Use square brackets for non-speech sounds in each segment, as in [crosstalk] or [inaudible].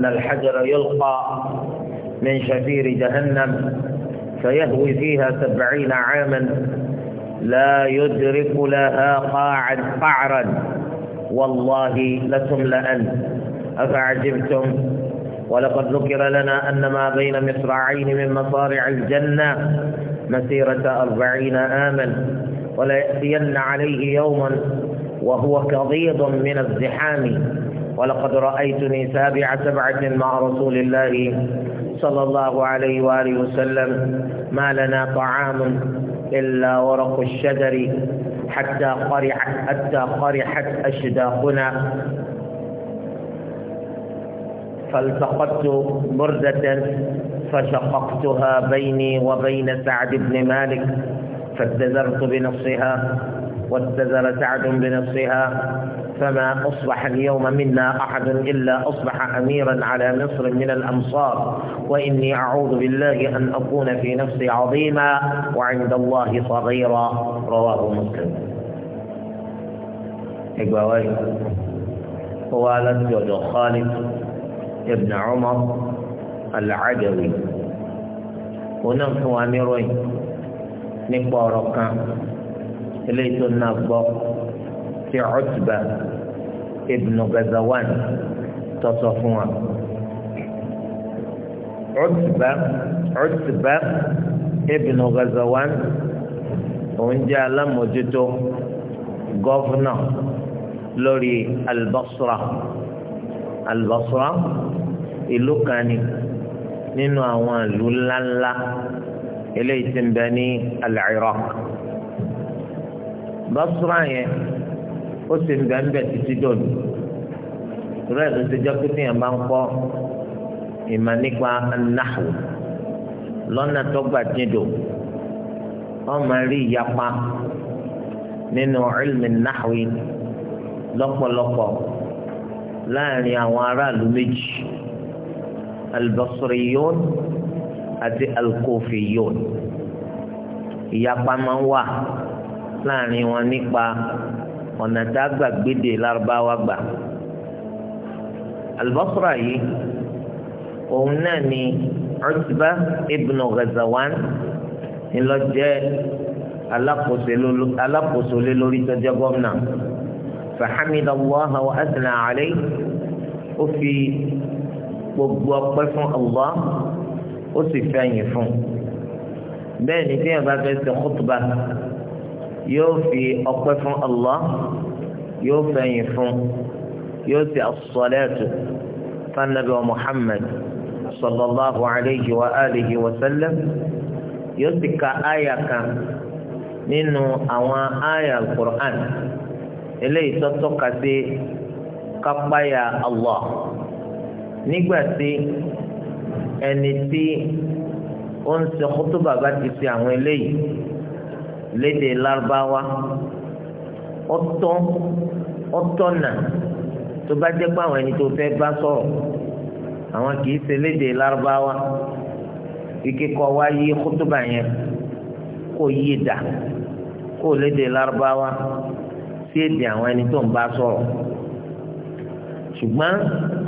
أن الحجر يلقى من شفير جهنم فيهوي فيها سبعين عاما لا يدرك لها قاعا قعرا والله لتملأن أفعجبتم ولقد ذكر لنا أن ما بين مصراعين من مصارع الجنة مسيرة أربعين آما وليأتين عليه يوما وهو كضيض من الزحام ولقد رأيتني سابع سبعة مع رسول الله صلى الله عليه وآله وسلم ما لنا طعام إلا ورق الشجر حتى قرحت حتى قرحت أشداقنا فالتقطت بردة فشققتها بيني وبين سعد بن مالك فاتذرت بنصها واتزل سعد بنصرها فما أصبح اليوم منا أحد إلا أصبح أميرا على مصر من الأمصار وإني أعوذ بالله أن أكون في نفسي عظيما وعند الله صغيرا رواه مسلم هو ووالد خالد ابن عمر العدوي ونحو أميرين نقبارك eléyìí tó náà gbọ́ tí Utba ibnu Gazawan tọ́sọ fún wa. Utba Utba ibnu Gazawan òun jẹ́ alámòjútó gọ́fúnà lórí Al-Basra Al-Basra ìlú kan nínú àwọn ìlú ńláńlá eléyìí tí ń bẹ ní Al-Iraq. Basra yẹn ó sì ń bẹ ń bẹ títí dòní ìrọ̀ ẹ̀ ló ti jẹ́ pé téèyàn bá ń kọ́ ìmọ̀ nípa náhù lọ́nà tó gbà dídò wọ́n rí ìyapa nínú ilmi náhùi lọ́pọ̀lọpọ̀ láàrin àwọn aráàlú méjì albasriyón àti alkofiyón ìyapa máa ń wà láàrin wọn nípa ọ̀nà tá a gbà gbédè lárúbáwá gbà Al-Basra yìí òun náà ni Utba ibn Ghazawan ńlọjẹ alákòóso lé lórí tọjọ gómìnà fàhámìdà wàhà wà ásìnà àlẹ ó fi gbogbo ọpẹ́ fún Allah ó sì fẹ̀yìn fún bẹ́ẹ̀ ni tí yẹn bá fẹẹ ṣe yóò fi ọpẹ́ fún Allah yóò fẹ̀yìn fún yóò ti as-salatu fanabi wa Muhammad sallallahu alayhi wa alihi wa sallam yóò ti ka àyà kan nínú àwọn àyà al eléyìí tó tọ́ka sí kápáyà Allah nígbà tí ẹni tí ó ń ṣe khutuba bá ti ṣe àwọn eléyìí lédè lárúbáwá ọ̀tọ̀ ọ̀tọ̀nà tó bá jẹ́ pé àwọn ẹni tó fẹ́ bá sọ̀rọ̀ àwọn kì í ṣe lédè lárúbáwá ike kọ wá yí kútúbà yẹn kó yí dà kó lédè lárúbáwá sí èdè àwọn ẹni tó ń bá sọ̀rọ̀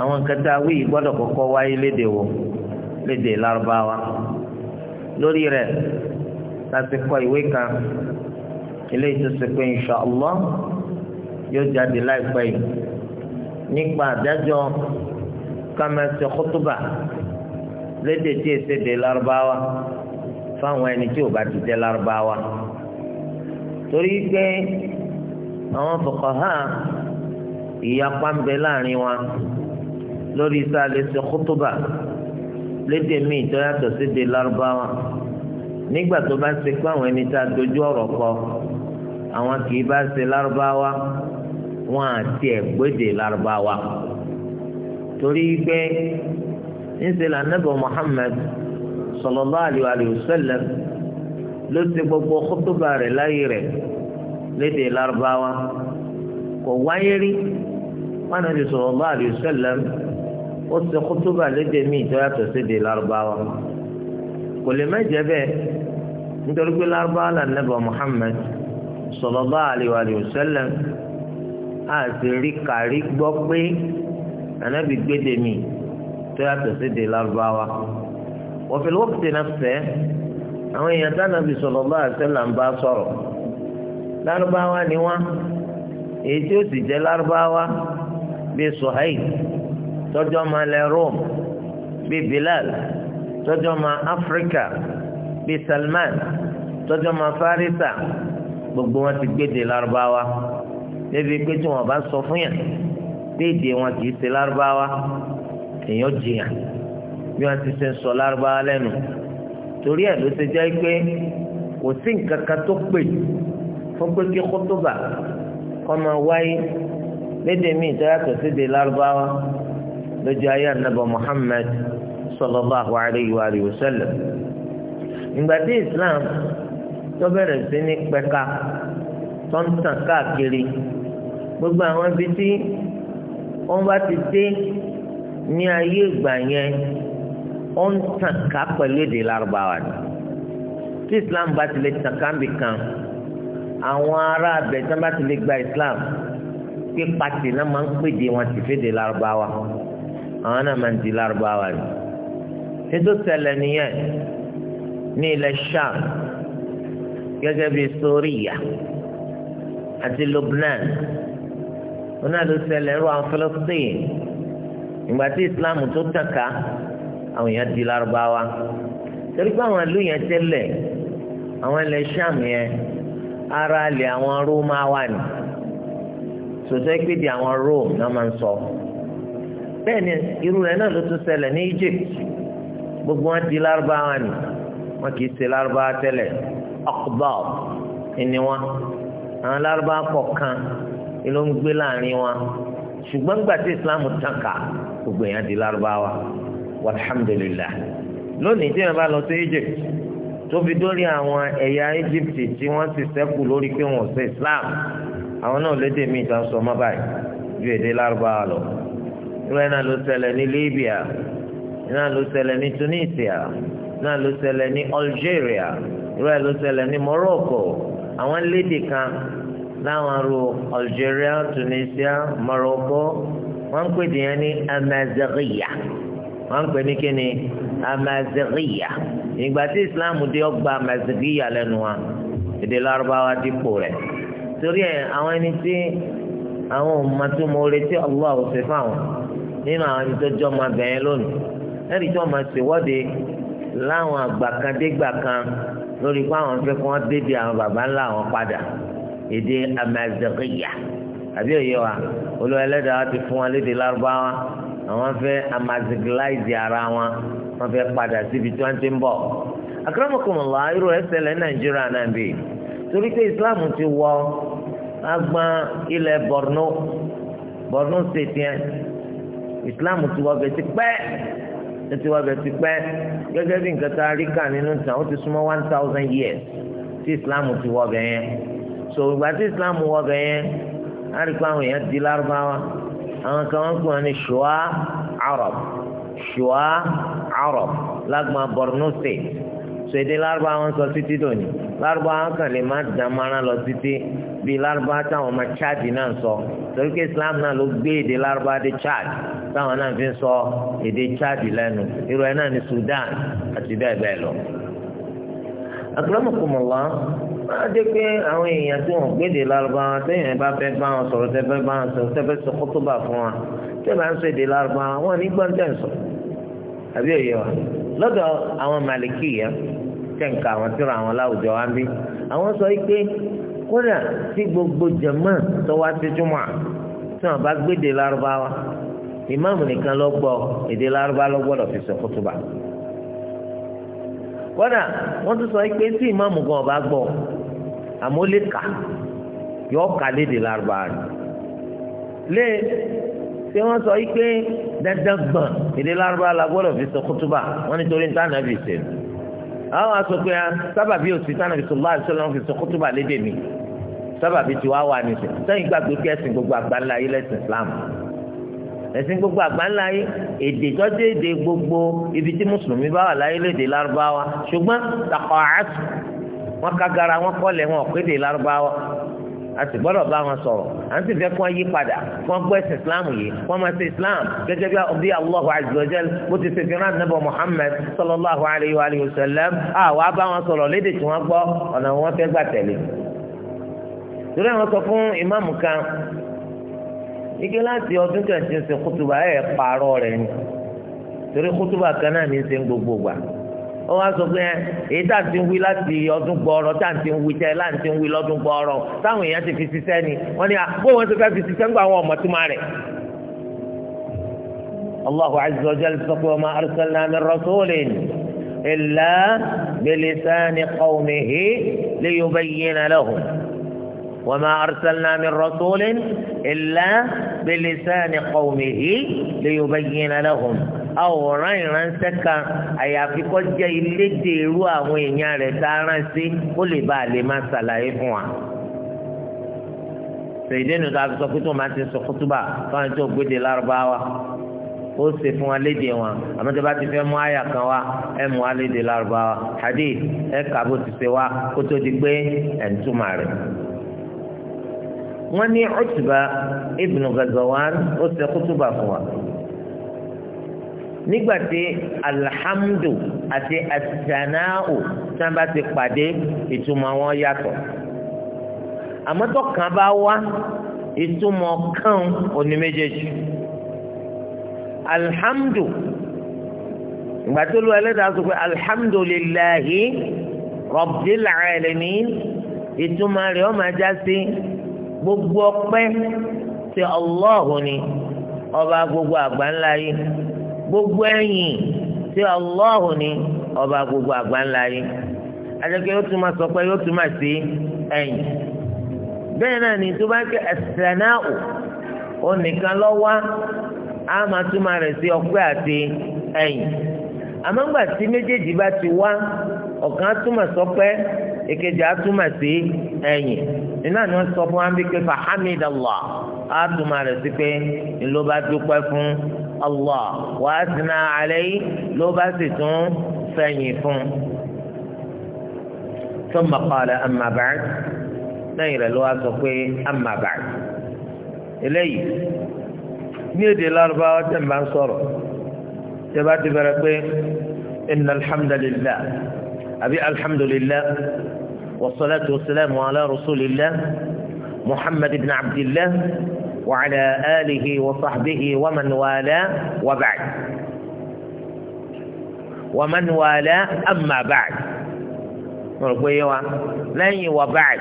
àwọn nǹkan tá a wí yìí gbọ́dọ̀ kọ́kọ́ wáyé lédè wo lórí rẹ̀ láti kọ ìwé kan eléyìí tó ṣe pé insha Allah yóò jáde láìpẹ́ yìí nípa àdájọ́ kámẹ́sì kútùbà lédè tí èsè dé lárúbáwá fáwọn ẹni tí ò bá ti jẹ́ lárúbáwá torí pé àwọn fuqaha ìyapa ń bẹ láàrin wa lórí sáà lè ṣe lédè míì tó sí dé lárúbáwá nígbà tó bá ṣe pé àwọn ẹni tá a dojú ọ̀rọ̀ kọ àwọn kì í bá ṣe lárúbáwá wọn àti ẹ̀gbẹ́dẹ lárúbáwá torí pé ńṣe lànàbọ̀ Muhammad sallallahu alayhi wa sallam ló ti gbogbo kótóbà rẹ̀ láyé rẹ̀ lédè lárúbáwá kò wáyé rí wọn àti sallallahu alayhi wa ó ti kótóbà lédè míì tó yàtọ̀ sí èdè lárúbáwá kò lè má jẹ́ bẹ́ẹ̀ nítorí pé lárúbáwá là nẹ́bà Muhammad sallallahu alaihi wa sallam àti rí kárí gbọ́ pé ànábì gbéde mi tó yàtọ̀ sí de lárúbáwá wa fil waqti nafsihi àwọn èèyàn tánàbì sallallahu alaihi wa sallam ń bá sọ̀rọ̀ lárúbáwá ni wọ́n èyí tí ó sì jẹ́ lárúbáwá bíi Suhaib tọ́jọ́ máa lẹ bíi Bilal tọ́jọ́ máa Áfíríkà bíi Salman tọ́jú ọmọ Fárísà gbogbo wọn ti gbéde lárúbáwá débi pé tí wọn bá sọ fún yàn déédéé wọn kì í ṣe lárúbáwá èèyàn jìyàn bí wọn ti ṣe ń sọ lárúbáwá lẹ́nu torí ẹ̀ ló ṣe jẹ́ pé kò sí nǹkan kan tó pè fún pé kí kótóbà kọ́ máa wáyé lédè míì tó yàtọ̀ síde lárúbáwá lójú ayé ànábọ̀ Muhammad sallallahu alayhi wa sallam ìgbà tí Islam tó bẹ̀rẹ̀ sí ní pẹ̀ka tó ń tàn káàkiri gbogbo àwọn ibi tí wọ́n bá ti dé ní ayé ìgbà yẹn ó ń tàn ká pẹ̀lú èdè lárúbáwá ni tí Islam bá ti lè tàn ká nbìkan àwọn ará abẹ tí wọn bá ti lè gba Islam pé pati náà máa ń pèdè wọn ti fèdè lárúbáwá àwọn náà máa ń di lárúbáwá ni ètò ṣẹlẹ̀ nìyẹn ní ilẹ̀ sham gẹ́gẹ́ bí sóríyà àti lubnan wọn náà ló ṣẹlẹ̀ ẹ̀rọ àwọn Filistin ìgbà tí islam tó tàka àwọn èèyàn di lárúbáwá torí pé àwọn ìlú yẹn tẹ́lẹ̀ àwọn ilẹ̀ sham yẹn ara lè àwọn rómáwá ni sòtẹ́ pé di àwọn rome náà máa ń sọ bẹ́ẹ̀ ni irú rẹ̀ náà ló tún ṣẹlẹ̀ ní Egypt gbogbo wọn di lárúbáwá ni wọn kì í ṣe lárúbá tẹ́lẹ̀ akbab ni wọn àwọn lárúbá kọ̀ọ̀kan ni ló ń gbé láàrin wọn ṣùgbọ́n nígbà tí islam tàn ká gbogbo èèyàn di lárúbáwá walhamdulillah lónìí tí wọn bá lọ sí egypt tó fi dórí àwọn ẹ̀yà egypt tí wọ́n ti ṣẹ́kù lórí pé wọ́n ṣe islam àwọn náà lédè míì tó ń sọ ọmọ báyìí ju èdè lárúbáwá lọ ìwé náà ló ṣẹlẹ̀ ní libya náà ló ṣẹlẹ̀ ní tunisia náà ló ṣẹlẹ̀ ní Algeria irú ẹ̀ ló ṣẹlẹ̀ ní Morocco àwọn lédè kan láwọn ro Algeria Tunisia Morocco wọ́n ń pè dìyẹn ní Amazighiya wọ́n ń pè ní kíni Amazighiya ìgbà tí Islam dé ọgbà Amazighiya lẹ́nu wa èdè Lárúbáwá dípò rẹ̀ torí ẹ̀ àwọn ẹni tí àwọn òmùmọ̀tòmọ̀ retí Allah ò ṣe fáwọn nínú àwọn ẹni tó jọ́ ọmọ abẹ́yẹn lónìí ẹni tó máa ṣèwọ́de láwọn àgbàkandégbà kan lórí pé àwọn fẹ́ kí wọ́n débi àwọn baba ńlá àwọn padà èdè amaziriya àbí òye wa olùwà ẹlẹ́dàá ti fún wọn lédè lárúbáwá àwọn fẹ́ amaziriláìsì ara wọn wọ́n fẹ́ padà síbi tí wọ́n ti ń bọ̀ akérèmọkùnmọ̀lá irú ẹsẹ̀ lẹ́ nàìjíríà náà bì torí pé islam ti wọ agbọn ilẹ̀ borno borno state yẹn islam ti wọ bẹ̀ ti pẹ́ ló ti wá bẹ̀ ti pẹ́ gẹ́gẹ́ bí nǹkan tá a rí kà nínú ìtàn ó ti súnmọ́ one thousand years tí islam ti wọ bẹ̀ yẹn so ìgbà tí islam wọ bẹ̀ yẹn á rí i pé àwọn èèyàn di lárúbáwá àwọn kan wọ́n kàn ní shua arab shua arab lágbọn borno state sèdè lárúbá wọn sọ títí dòní lárúbá wọn kàn lè má dán mara lọ títí bí lárúbá táwọn ọmọ chad náà sọ torí pé islam náà ló gbé èdè lárúbá de chad táwọn náà fi ń sọ èdè chad lẹ́nu irú ẹ̀ náà ní sudan àti bẹ́ẹ̀ bẹ́ẹ̀ lọ. àkùrọ̀mọ̀kùmọ̀lá wọ́n á dé pé àwọn èèyàn tí wọ́n gbéde lárúbá wọn téèyàn bá fẹ́ bá wọn sọ̀rọ̀ tẹ́ fẹ́ bá wọn sọ̀rọ̀ tẹ́ fẹ́ sọ kótóbà fún wa tẹ́ bá ń sọ èdè lárúbá wọn ní gbọ́ndẹ̀ sọ àbí òye lọ́dọ̀ àwọn màlìkì yẹn tẹ̀ǹkà àwọn tíra àwọn láwùjọ wa ń bí àwọn sọ pé kódà tí gbogbo jẹ̀mọ́ tó wá sí júmọ́ tí wọ́n bá gbéde lárúbáwá ìmáàmù nìkan ló gbọ́ èdè lárúbá ló gbọ́dọ̀ fi sọ kútùbà kódà wọ́n tún sọ pé tí ìmáàmù gan ọba gbọ́ àmọ́ lè kà yọ ọ́ kà léde lárúbá rẹ̀ lé tí wọ́n sọ pé dandan gbọ̀n èdè lárúbá la gbọ́dọ̀ fi sọ kútùbà wọ́n nítorí nítorí ànábì sèlú àwọn asopẹ́ ya sábàbí òsì tánà fi sọ̀rọ̀ àti sọ̀rọ̀ fi sọ kótóbà lédè mi sábàbí tí wàá wà nìṣẹ́ sẹ́yìn gbàgbé kí ẹ̀sìn gbogbo àgbáńlá yìí lẹ́sìn Islam ẹ̀sìn gbogbo àgbáńlá yìí èdè tọ́jú èdè gbogbo ibi tí mùsùlùmí bá wà láyé lédè lárúbáwá ṣùgbọ́n tàkọ̀ àásù wọn kagara wọn kọ́lẹ̀ wọn ọ̀pẹ́dè lárúbáwá a sì gbọ́dọ̀ bá wọn sọ̀rọ̀ à ń sì fẹ́ kí wọ́n yí padà kí wọ́n gbọ́ ẹ̀sìn islam yìí kí wọ́n máa ṣe islam gẹ́gẹ́ bí allahu azza wa jal bó ti ṣe fìràn nàbọ muhammed sallallahu alayhi wa alihi wa sallam àwọn abá wọn sọ̀rọ̀ léde tí wọ́n gbọ́ ọ̀nà wọn fẹ́ gbà tẹ̀lé. torí àwọn sọ fún ìmáàmù kan ike láti ọdún kẹ̀sìn ṣe kútùbà ẹ̀ pààrọ̀ rẹ̀ ni torí kútùbà kan náà ní í ṣe gbogbo gbà ó wá sọ pé èyí tá à ń ti wí láti ọdún gbọọrọ tá à ń ti wí tẹ láà ń ti wí lọ́dún gbọọrọ táwọn èèyàn ti fi ṣiṣẹ́ ni wọ́n ní àbó wọn ti fẹ́ fi ṣiṣẹ́ ńgbà àwọn ọmọ tó máa rẹ̀. Allahu azza wa jalla sọ pé wa ma arsalna min rasulin illa bilisani qawmihi liyubayyina lahum. وما أرسلنا من رسول إلا بلسان قومه ليبين لهم àwòrán ìránṣẹ́ kan àyàfi kó jẹ́ ilédè irú àwọn èèyàn rẹ̀ tá a rán sí ó lè bá a lè máa ṣàlàyé fún wa. ṣèdínú ta fi sọ pé tó máa ti sọ kútúbà fáwọn tó gbéde lárúbáwá ó ṣe fún wa léde wọn àmọ́ tó bá ti fẹ́ mú àyà kan wá ẹ mú wa léde lárúbáwá hadith ẹ kà bó ti ṣe wá kó tó di pé ẹ̀ ń túmọ̀ rẹ̀ wọ́n ní Utba ibn Ghazwan ó ṣe kútùbà fún wa nígbà tí alhamdu àti asana'u sábà ti pàdé ìtumọ̀ wọn yàtọ̀ àmọ́ tó kàn bá wá ìtumọ̀ kan òní méjèèjì alhamdu ìgbà tó lu ẹlẹ́dàá sọ pé alhamdulillahi rabbil alamin ìtumọ̀ rẹ̀ ó máa já sí. gbogbo ọpẹ ti Allahu ni ọba gbogbo àgbáńlá gbogbo ẹ̀yìn ti Allahu ni ọba gbogbo àgbáńlá yìí yóò tún máa sọ pé yóò tún máa sí ẹ̀yìn bẹ́ẹ̀ náà ni tó bá ń kẹ ẹsẹnáàwò lọ á máa tún máa rẹ̀ sí ọpẹ́ àti wá ọ̀kan túmọ̀ sọpẹ́ èkejì atúmọ̀ sí ẹ̀yìn iná ni wọ́n sọ fún wa bí pé fahamid allah á túmọ̀ rẹ̀ sí pé ló bá dúpẹ́ fún allah wa asna alayhi ló bá sì tún fẹ̀yìn fún. ثم قال أما بعد lẹ́yìn rẹ̀ ló wá sọ pé amma ba'd eléyìí ní èdè lárúbáwá tẹ̀ ń bá sọ̀rọ̀ tẹ̀ bá ti bẹ̀rẹ̀ pé inna alhamdulillah. أبي الحمد لله والصلاة والسلام على رسول الله محمد بن عبد الله وعلى آله وصحبه ومن والاه وبعد ومن والاه أما بعد مرقوية لن وبعد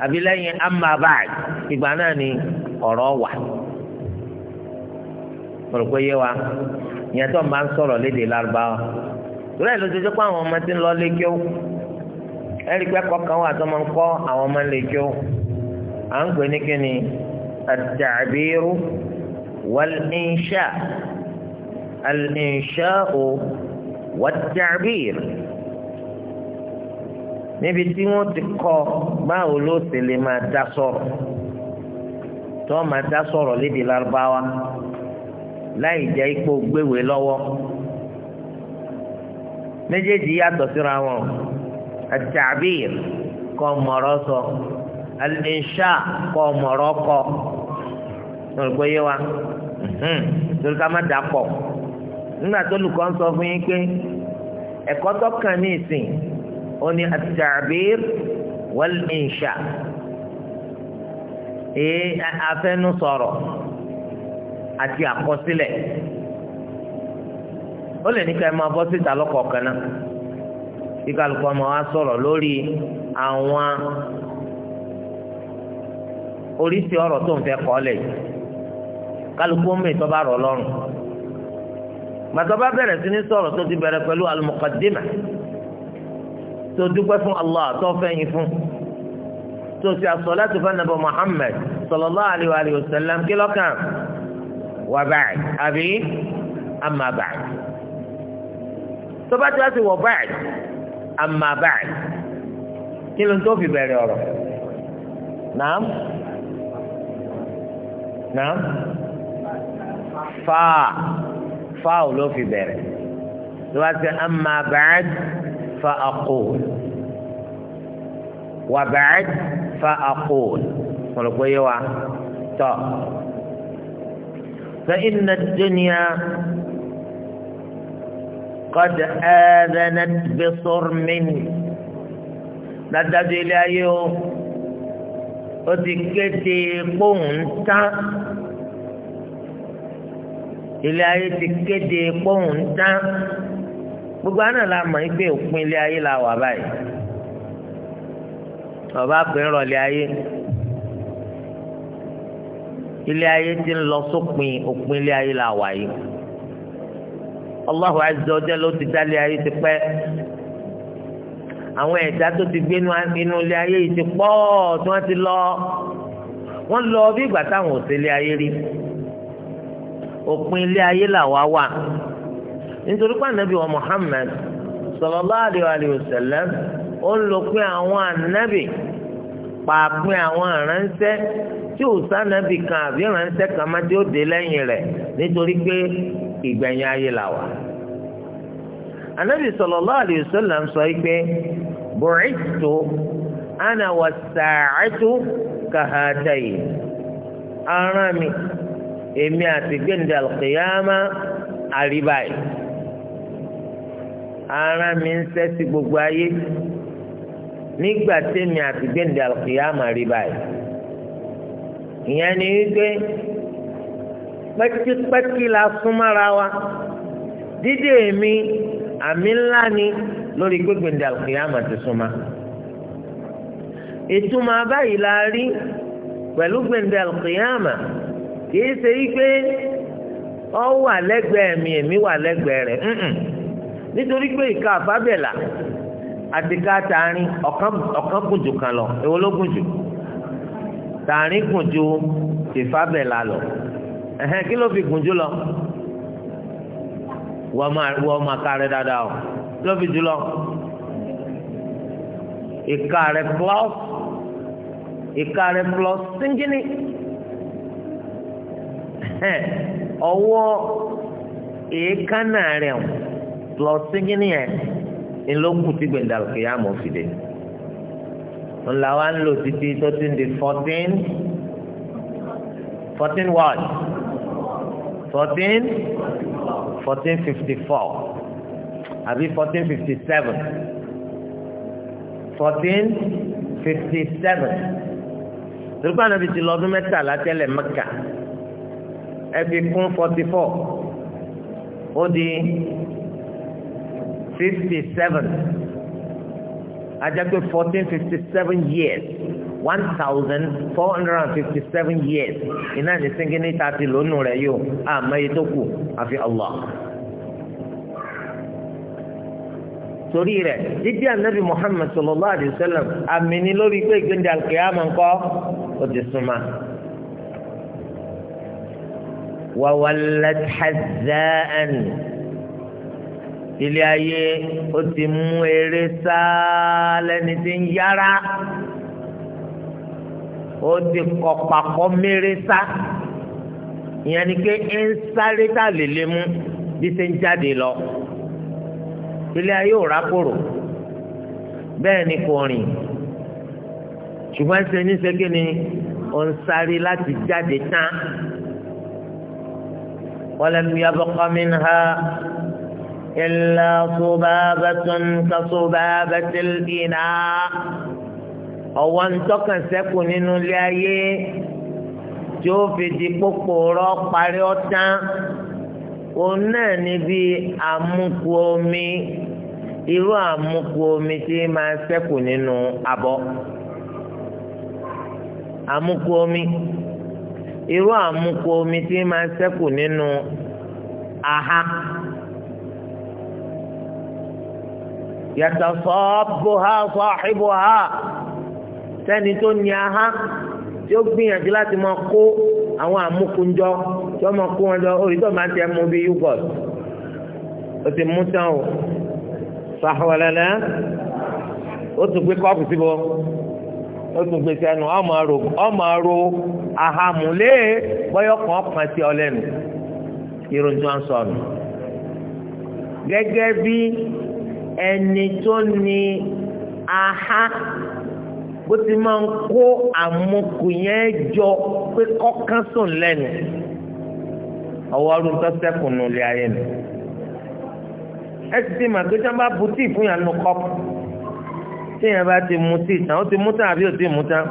أبي لن أما بعد إبناني أروى مرقوية يتم أن صلى لدي الأربعة rẹ ló ti jẹ́ pé àwọn ọmọ ti ń lọ lé kí ó ẹ̀rí pé kọ̀ọ̀kan wà tó máa ń kọ́ àwọn ọmọ lé kí ó à ń pè ní kíni àtàbírú wàlínṣà àlínṣà ò wàtàbír níbi tí wọ́n ti kọ́ báwo ló ti lè máa dá sọ̀rọ̀ tó máa dá sọ̀rọ̀ lédè lárúbáwá láì jẹ́ ipò gbéwèé lọ́wọ́ méjèèjì yàtọ̀ síra wọn àtàbír kọ́ mọ̀rọ́ sọ alìṣà kọ́ mọ̀rọ́ kọ́ lórúkọ yé wa torí ká má dà pọ̀ nígbà tó olùkọ́ ń sọ fún yín pé ẹ̀kọ́ tó ní ìsìn ó ní àtàbír wàlìṣà ee afẹnusọ̀rọ̀ àti àkọsílẹ̀ ó lè ní ká ẹ máa bọ́ síta lọ́kọ̀ọ̀kan náà kí kálukú ọmọ wa sọ̀rọ̀ lórí àwọn oríṣi ọ̀rọ̀ tó ń fẹ́ kọ́ lẹ̀ yìí kálukú ọmọ ìtọ́ bá rọ̀ lọ́rùn gbàtọ́ bá bẹ̀rẹ̀ sí ní sọ̀rọ̀ tó ti bẹ̀rẹ̀ pẹ̀lú al tó dúpẹ́ fún Allah tó fẹ́yìn fún tó ti as-salatu fún Ànábì Muhammad sallallahu alayhi wa sallam kí lọ́kàn wà báyìí àbí amma báyìí tó bá ti wá sí wọ báyìí àmà báyìí kí ló ń tó fi bẹ̀rẹ̀ ọ̀rọ̀ nàám nàám fáà fáà ló fi bẹ̀rẹ̀ tó bá àmà báyìí fa àkóò wà báyìí fa àkóò wọn lọ pé wa tọ. فإن الدنيا قد آذنت بصرم dájú ilé ayé o ó ti kéde kóhùn tán ilé ayé ti kéde kóhùn tán gbogbo àná la mọ̀ pé òpin ilé ayé la wà báyìí ọba pè ń rọlé ayé ilé ayé ti ń lọ sópin òpin ilé ayé la wà yìí. Allahu azza wa jalla ló ti dálé ayé ti pẹ́ àwọn ẹ̀dá tó ti gbé inú ilé ayé yìí ti pọ̀ tí wọ́n ti lọ wọ́n lọ bí ìgbà táwọn ò sí ilé ayé rí òpin ilé ayé làwa wà nítorí pé ànábì wa Muhammad sallallahu alaihi wa sallam ó ń lò pé àwọn ànábì pàápín àwọn aránṣẹ́ tí ò sànábì kan àbí aránṣẹ́ kan má tí ó dé lẹ́yìn rẹ̀ nítorí pé ìgbẹ̀yìn ayé là wà. anabi sallallahu alayhi wa sallam sọ pé bu'ithtu ana was-sa'atu kahatayn ara mi èmi àti gbẹ̀ndẹ̀ al-qiyama àríbáyé ara mi ń sẹ́sí gbogbo ayé nígbà tẹ́mi àti gbẹ̀ndẹ̀ al-qiyama àríbáyé ìyẹn ni wípé pẹ́kípẹ́kí la súnmọ́ra wa dídé mi àmì ńlá ni lórí gbégbé ní àlùkìyàmà ti súnmọ́ ìtumọ̀ báyìí la rí pẹ̀lú gbèǹdé àlùkìyàmà kìí ṣe wípé ọ wà lẹ́gbẹ̀ẹ́ mi èmi wà lẹ́gbẹ̀ẹ́ rẹ̀ nítorí pé ìka àfábẹ̀là àti ká tààrin ọ̀kan gùn jù kan lọ èwo ló gùn jù tààrin gùn jù ìfábẹ̀là lọ ẹ̀hẹ́n kí ló fi gùn jù lọ wọ́n máa ká rẹ dáadáa o kí ló fi jù lọ ìka rẹ plus ìka rẹ plus síngínì ọwọ́ èékánná rẹ plus síngínì yẹn ni ló kù tí gbẹ̀ndàlùkì yá mọ̀ fìdí ńlá wa ń lò títí tó ti di fourteen fourteen words fourteen fourteen fifty four àbí fourteen fifty seven fourteen fifty seven tìrúbà nàbì ti lọ ọdún mẹ́tàlá tẹ́lẹ̀ Mẹ́kà ẹ fi kún forty four ó di fifty seven ajá pé fourteen fifty seven years one thousand four hundred and fifty seven years iná ní sínkínní tààtì lónù rẹ̀ yóò àmọ́ iye tó kù àfi Allah. torí rẹ̀ dídí anabi Muhammad sallallahu alayhi wa sallam àmì ni lórí pé ìgbéǹde alkiyama ńkọ́ ó ti súnmọ́. وولت حذاء ilé ayé ó ti mú eré sáá lẹ́ni tí ń yára ó di kọ̀pàkọ́ méré sá ìyẹn ni pé ń sáré tá lè lé mú bí ṣe ń jáde lọ ilé ayé ò rákòrò bẹ́ẹ̀ ni kò rìn ṣùgbọ́n ṣe ní ṣẹ́gi ni ó ń sáré láti jáde tán walam yabqa minha illa subabatun ka subabatil ina ọwọ́ ń tọ́kàn sẹ́kù nínú ilé ayé tí ó fi di kpókpó rọ parí ọ̀tán òun náà níbi àmukù omi irú àmukù omi tí máa sẹ́kù nínú abọ́ àmukù omi irú àmukù omi tí máa sẹ́kù nínú aha yàtọ̀ sọ́ọ́ bó ha sọ́ọ́ ìbò ha sẹ́ni tó ní aha tí ó gbìyànjú láti máa kó àwọn àmúkunjọ tí wọ́n máa kó wọn lọ orí tó máa ń tẹ mú bí yúgọ̀t ó ti mú tán o sàwọlẹ́lẹ́ ó tún gbé kọ́ọ̀pù síbò ó tún gbé sẹ́nu ọmọ ro ahamulé bọ́yọ̀ kan kan sí ọ lẹ́nu irun tí wọ́n sọ nù gẹ́gẹ́ bí ẹni tó ní aha bó ti máa ń kó àmukù yẹn jọ pé kọ́kán sùn lẹ́nu ọwọ́ ọdún tó sẹ́kùn nù lé ayé nù ẹ ti ti màgbé tí wọn bá bu tíì fún yàn nù kọ́pù tí yàn bá ti mu tíì tán ó ti mu tán àbí ó ti mu tán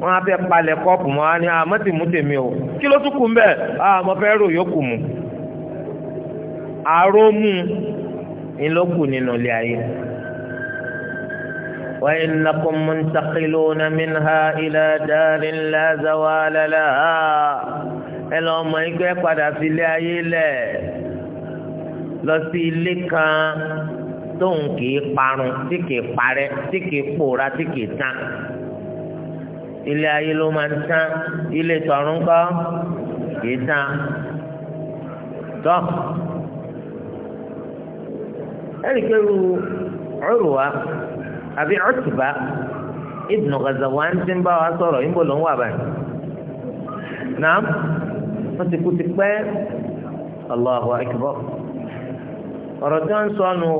wọn á fẹ́ palẹ̀ kọ́pù mọ́ á àmọ́ ah, ti mu tèmi o kí ló tún kù ń bẹ̀ àmọ́ ah, fẹ́ rò yóò kù mu àrò mu ni ló kù nínú ilé ayé. وإنكم منتقلون منها إلى دار لا زوال لها ẹlọmọ ikú padà sí ilé ayé lẹ lọ sí ilé kan tóun kì í parun tí kì í parẹ́ tí kì í pòórá tí kì í tán ilé ayé ló máa ń tán ilé tọ̀run kọ́ kì í tán tọ ẹnì kẹrù ọrùn wa. àbí Utba ibn Ghazwan ti ń bá wa sọ̀rọ̀ níbo ló ń wà báyìí náà wọ́n ti kú Allahu ọ̀rọ̀ tí wọ́n ń sọ nù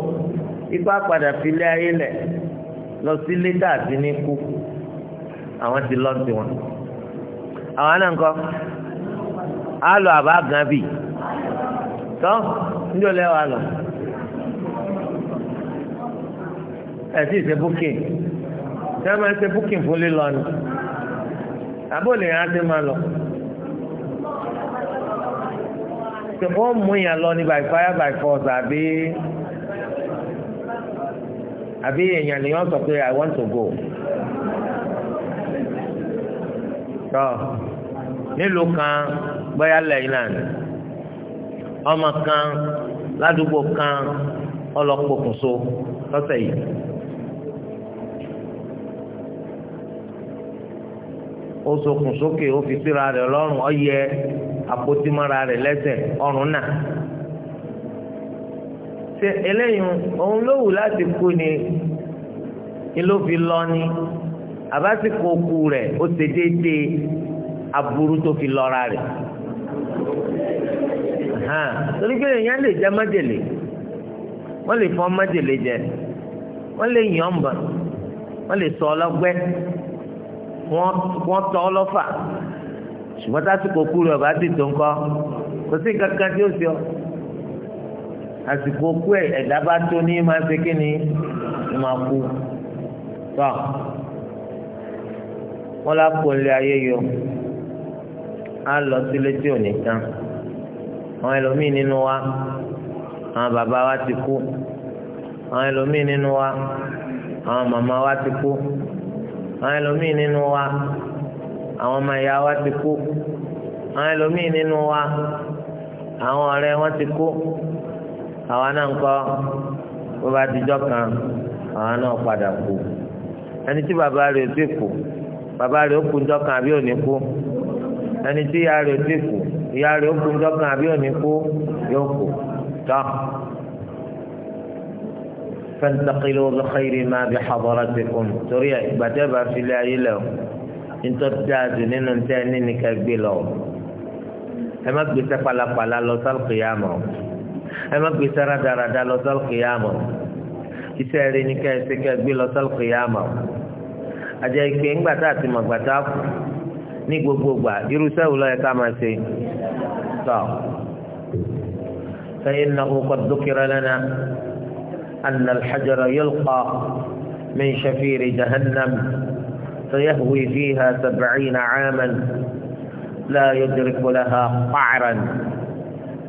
ipá padà fi lé ayé lẹ̀ lọ sí àti ní kú àwọn ti lọ sí wọn àwọn náà ń kọ́ á lọ àbá gan bì ń lẹ́wọ̀ á ẹ̀sì ṣe booking ṣé máa ń ṣe booking fún lílọ ni àbó lè yàn á ti máa lọ ṣe ó mú yàn lọ ní by fire by force àbí àbí èèyàn nìyàn sọ pé I want to go. tọ́ nílùú kan bóyá lẹ́yìn náà ni ọmọ kan ládùúgbò kan ọlọ́pọ̀ kùn so lọ́sẹ̀ yìí. ó sokùn sókè ó fi síra rẹ lọ́rùn ọyẹ àpótímọ́ra rẹ lẹ́sẹ̀ ọrùn náà ṣe eléyìí òun ló wù láti kú ni ló fi lọ ni àbásìkò kú rẹ̀ ó ṣe déédéé aburú tó fi lọ́ra rẹ̀ torí pé èèyàn lè jẹ májèlé wọ́n lè fọ́ májèlé jẹ wọ́n lè yàn án wọ́n lè sọ ọlọ́gbẹ́. wọ́n tọ́ lọ́fà ṣùgbọ́n tásìkò kú rẹ̀ ọ̀bá ti tó ń kọ́ kò sí kankan tí ó ṣe ọ́ àsìkò kú ẹ̀ ẹ̀dá bá tó ní máa ṣe kí ni máa kú tọ́ wọ́n lápò ilé ayé yọ á lọ sílé tí ò ní tán àwọn ẹlòmíì nínú wa àwọn bàbá wa ti kú àwọn ẹlòmíì nínú wa àwọn màmá wa ti kú àwọn ẹlòmíì nínú wa àwọn ọmọ ìyá wa ti kú àwọn ẹlòmíì nínú wa àwọn ọ̀rẹ́ wọn ti kú àwa náà ń kọ́ bó bá dijọ́ kan àwa náà padà kú ẹni tí bàbá rẹ̀ ti kú bàbá rẹ̀ ó kú ńjọ́ kan àbí òní kú ẹni tí ìyá rẹ̀ ti kú ìyá rẹ̀ ó kú ńjọ́ kan àbí òní kú yóò kú tán fẹ́ntàkìlì olùkọ́yìrì máa bí xabọ́rọ́ ti kún torí ẹ̀ gbàdébà filẹ̀ ayé lẹ̀ o nítorí dáadé nínú tẹ́ ẹ níní ká gbé lọ o ẹ má gbèsè palapala lọ sálùkìyàmọ̀ o ẹ má gbèsè rádaràda lọ sálùkìyàmọ̀ o iṣẹ́ rẹ ní ká ẹsẹ̀ ká gbé lọ sálùkìyàmọ̀ o àjẹ́ ìpè ńgbàtà àti màgbàtà ní gbogbo irúṣẹ́ wò lọ́yẹ ká máa ṣe tọ́ fẹ́yìn náà ó kọ́ dókèrè lẹ́nà. أن الحجر يلقى من شفير جهنم فيهوي فيها سبعين عاما لا يدرك لها قعرا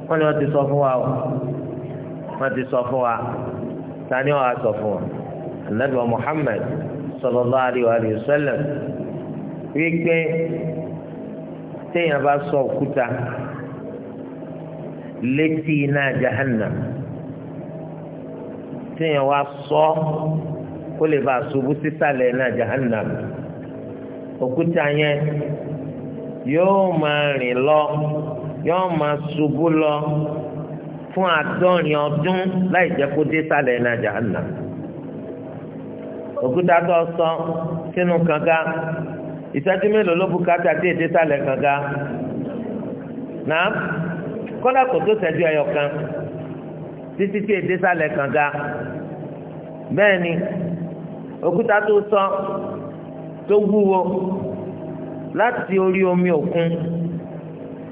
قل تصفوها صفوة تصفوها صفوة ثاني صفوة النبي محمد صلى الله عليه وآله وسلم wíkpé téèyàn bá sọ òkúta létí iná téèyàn wá sọ kó lè bá ṣubú sísàlẹ̀ náà jahannam òkúta yẹn yóò máa rìn lọ yóò máa ṣubú lọ fún àádọ́rin ọdún láì jẹ́ kó dé sàlẹ̀ náà jahannam òkúta tó sọ sínú kànga ìṣẹ́jú mélòó ló bùkátà tí èdè sàlẹ̀ kànga náà kọ́lá kò tó ẹyọ kan. títí tí èdè sálẹ̀ kànga bẹ́ẹ̀ ni òkúta tó sọ tó wúwo láti orí omi òkun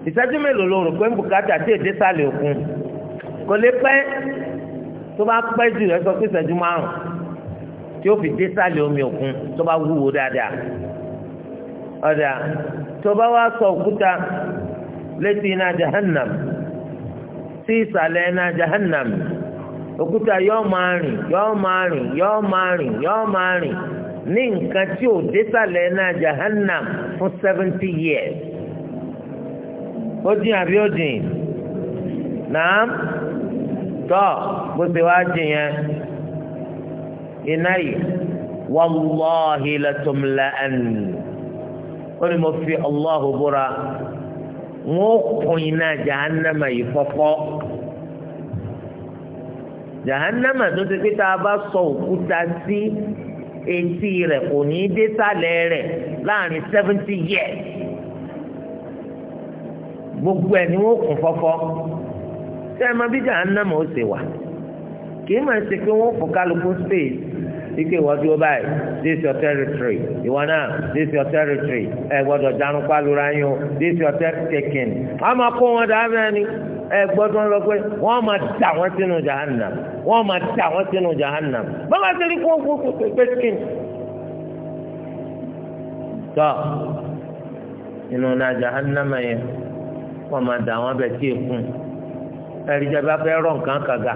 ìṣẹ́jú mélòó ló rò pé ń bùkátà tí èdè sálẹ̀ òkun kò lè pẹ́ tó bá pẹ́ jù ẹ sọ pé ìṣẹ́jú márùn tí ó fi dé sálẹ̀ omi òkun tó bá wúwo dáadáa ọ̀dà tó bá wá sọ òkúta létí iná jahannam sí ìsàlẹ̀ iná jahannam òkúta yóò máa rìn yóò máa rìn yóò máa rìn yóò máa rìn ní nǹkan tí ò dé sàlẹ̀ iná jahannam fún seventy years ó dín àbí ó dín náà tọ́ bó ṣe wá dín yẹn iná yìí wàlláhi latumla ó ní mo fi Allahu búra wọn ó kun iná jahannama yìí fọ́fọ́ jahannama tó ti pé tá a bá sọ òkúta sí etí rẹ̀ kò ní í dé sálẹ̀ rẹ̀ láàrin seventy years gbogbo ẹ̀ ni wọn ó kun fọ́fọ́ tẹ́ ẹ ma bí jahannama ó ṣe wà kì í máa ṣe pé wọn ó fò kálukú space ike ìwọ́dú ó báyìí this your territory ìwọ náà this your territory ẹ gbọ́dọ̀ dánú pálura yín o this your territory wọ́n máa kó wọn dáa bẹ́ẹ̀ ni ẹ gbọ́dọ̀ lọ pé wọ́n máa dà wọ́n sínú jahannam wọ́n máa dà wọ́n sínú jahannam bàbá sẹ́ni kó kó kó pé skin. tọ́ inú náà jahannam yẹn wọ́n máa dà wọ́n bẹ̀ tí èkún ẹ̀rí jẹ́ bá fẹ́ rọ̀ nǹkan kàga.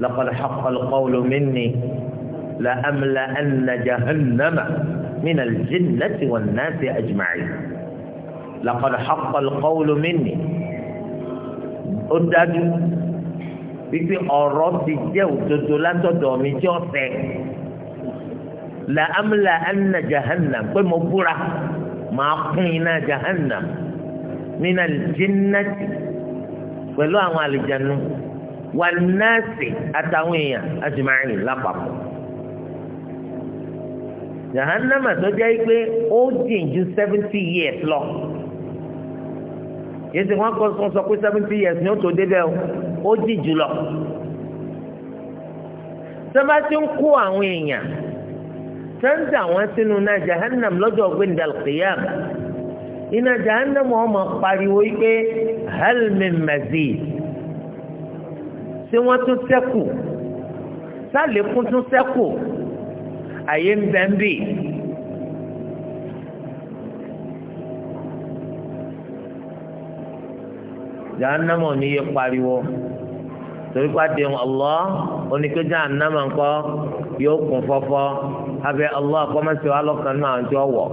لقد حق القول مني لأملأن جهنم من الجنة والناس أجمعين لقد حق القول مني أدد بفي أراد جو تدلان تدومي جوسي لأملأن جهنم كل مبورة ما قينا جهنم من الجنة ولو أمال جنون wà nọ́ọ̀sì àtàwọn èèyàn àjùmáyìn lápapọ̀. jahannama tó jẹ́ pé ó jìn ju seventy years lọ yìí tí wọ́n kọ́ sọ pé seventy years ni ó tó débẹ̀ ó jìn jù lọ sábà tí ń kó àwọn èèyàn sẹ́ńtà wọn sínú náà jahannam lọ́jọ́ gbẹ̀ndà kìyàm iná jahannam wọn máa pariwo yìí pé hal min tí wọ́n tún sẹ́kù sálẹ̀kùn tún sẹ́kù àyè ń bẹ ń bì. jahannama ò ní yé pariwo torí pàdé ọlọ oníkejì jahannama ńkọ́ yóò kún fọ́fọ́ abẹ ọlọ akọmọsí wa lọkàn náà ń jọ wọ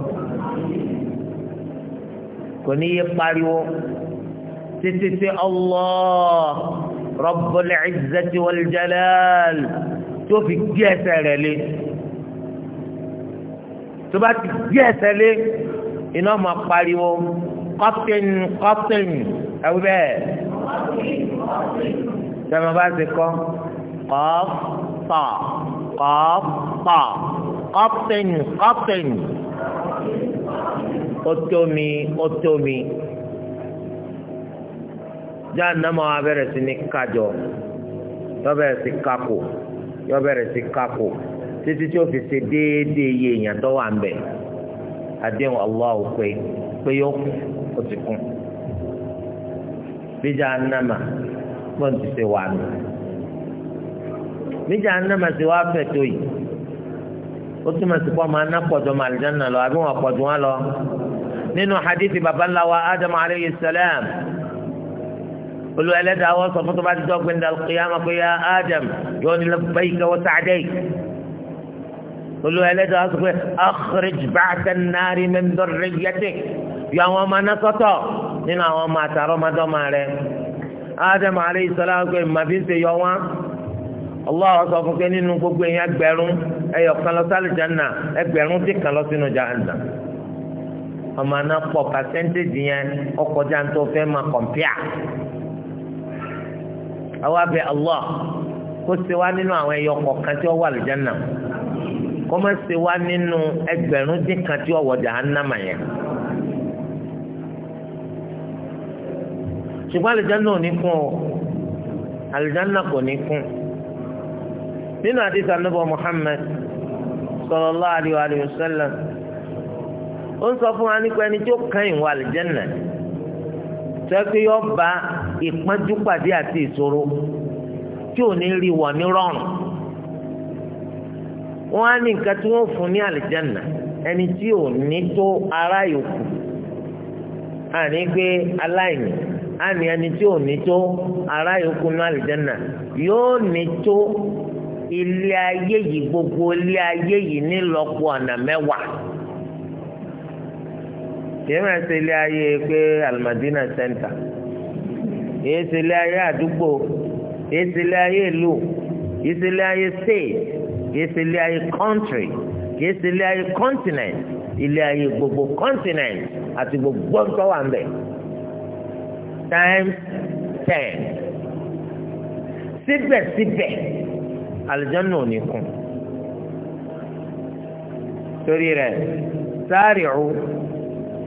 kò ní yé pariwo títí tí ọlọ. Rabbul izzati wal jalal tó fi gbé ẹsẹ̀ rẹ̀ lé tó bá ti gbé ẹsẹ̀ lé iná máa pariwo kọ́pìn kọ́pìn ẹ̀wú bẹ́ẹ̀ sẹ́mi bá ti kọ́ kọ́pà kọ́pà kọ́pìn kọ́pìn ó tó mi ó tó mi jahannama wa bẹ̀rẹ̀ sí ní kájọ yọ bẹ̀rẹ̀ sí kákò yọ bẹ̀rẹ̀ sí kákò títí tí ó fi ṣe déédéé iye èèyàn tó wà ń bẹ̀ àdéhùn Allahu pé pé yóò kú ó ti kún bí jahannama gbọ́n ti ṣe wà nù bí jahannama ti wá fẹ̀ tó yìí ó túmọ̀ sí pé ọmọ anápọ̀jọ́ màlìjánná lọ àbí wọn àpọ̀jù wọn lọ nínú hadithi babaláwa Adam aleyhi salam olú ẹlẹ́dàá wọ́n sọ fún tó bá ti dọ́gbìn dàl kìyàmà pé ya Adam yóò ní labbayka wa sa'dayk olú ẹlẹ́dàá sọ pé akhrij ba'da an-nari min dhurriyyatik yọ àwọn ọmọ náà sọ́tọ̀ nínú àwọn ọmọ àtàrọ̀ ọmọdọ́mọ rẹ̀ Adam alayhi salam pé màbí ń ṣe yọ wọn Allah sọ fún pé nínú gbogbo èèyàn ẹgbẹ̀rún ẹyọ kan lọ sí àlùjánnà ẹgbẹ̀rún dín kan lọ sínú jáhàndà ọmọ náà pọ̀ pàṣẹ́ntéèjì àwa bẹ̀ Allah kó ṣe wá nínú àwọn ẹyọ kọ̀ọ̀kan tí ó wà lùjánà kó má ṣe wá nínú ẹgbẹ̀rún dín kan tí ó wọ̀ jahannama yẹn. ṣùgbọ́n àlùjánà ò ní kún o àlùjánà kò ní kún nínú àdìsá níbọ̀ Muhammad sallallahu alaihi wa sallam ó ń sọ fún wa nípa ẹni tí ó kàn ìwà àlùjánà yìí. tẹ́kẹ́ yọ bá ìpọ́njú pàdé àti ìṣòro tí ò ní rí wọ̀ ní rọrùn wọ́n á ní nǹkan tí wọ́n fún ní àlìjáná ẹni tí ò ní tó ará yòókù àní aláìní àní ẹni tí ò ní tó ará yòókù ní yóò ní gbogbo ilé ayé yìí ọ̀nà yìí máa ṣe ilé ayé pé alimadina sẹ́ńtà yìí ṣe ilé ayé àdúgbò yìí ṣe ilé ayé ìlú yìí ṣe ayé state yìí ṣe ilé ayé country yìí ṣe ilé ayé continent ilé ayé gbogbo continent àti gbogbo ńkọ́ wà ń bẹ̀ times ten síbẹ̀síbẹ̀ alìjọ́nù ò ní kún torí rẹ̀ sáàrì ọ̀hún.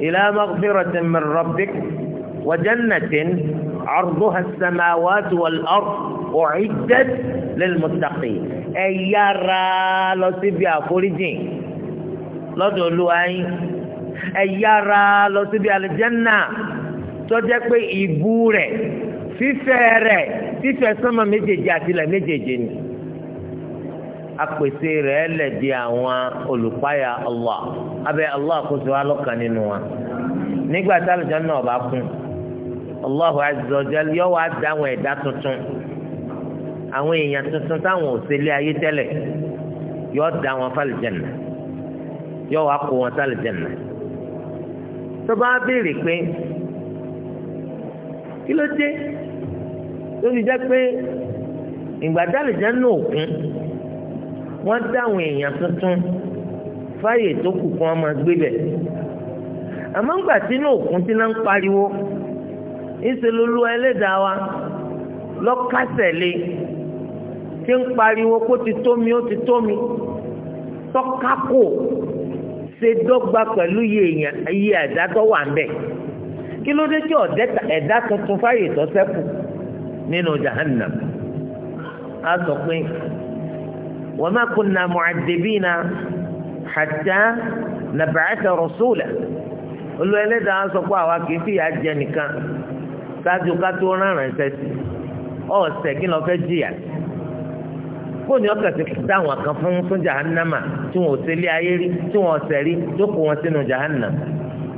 إلى مغفرة من ربك وجنة عرضها السماوات والأرض أعدت للمتقين أيارا لصبي أفوريجين لدولوا أي أيارا لصبي الجنة تجاك بإبورة fífẹ́ rẹ̀ fífẹ́ sánmà méjèèjì àti ilẹ̀ méjèèjì ni apèsè rẹ̀ lẹ̀ abẹ allah kóso alọkàn nínú wa nígbà tí alùjáde náà bá kún allahu azza wa jalla yọ wá dá àwọn ẹ̀dá tuntun àwọn èèyàn tuntun táwọn òṣèlé ayé tẹ́lẹ̀ yọ dá wọn fàlìjẹnà yọ wá kó wọn sàlìjẹnà tó bá béèrè pé kí ló dé tó fi jẹ́ pé ìgbà tí alùjáde náà kún wọ́n dá àwọn èèyàn tuntun. fáyè tó kù kí wọ́n máa gbé bẹ̀. àmọ́ ńgbà tínú òkun tí náà ń pariwo ńṣe lolú ẹlẹ́dàá wa lọ́kàṣẹ̀ lé tí ń pariwo kó ti tó mi ó ti tó mi tọ́kákò ṣe dọ́gba pẹ̀lú iye ẹ̀dá tó wà ń kí ló dé tí ẹ̀dá tuntun fáyè tó ṣẹ́kù nínú jahannam a sọ pé na ma kunna mu'addibina. hatta nab'atha rasula olú ẹlẹ́dàá sọ pé àwa kì í fìyà jẹ nìkan ṣáájú ká tó rárán ẹsẹ̀ sí ọ̀sẹ̀ kí lọ fẹ́ jìyà kó ní ọkàn ti dá àwọn kan fún fún jahannama tí wọn ò ṣẹlẹ̀ ayé rí tí wọn ò rí tó kó wọn sínú jahannam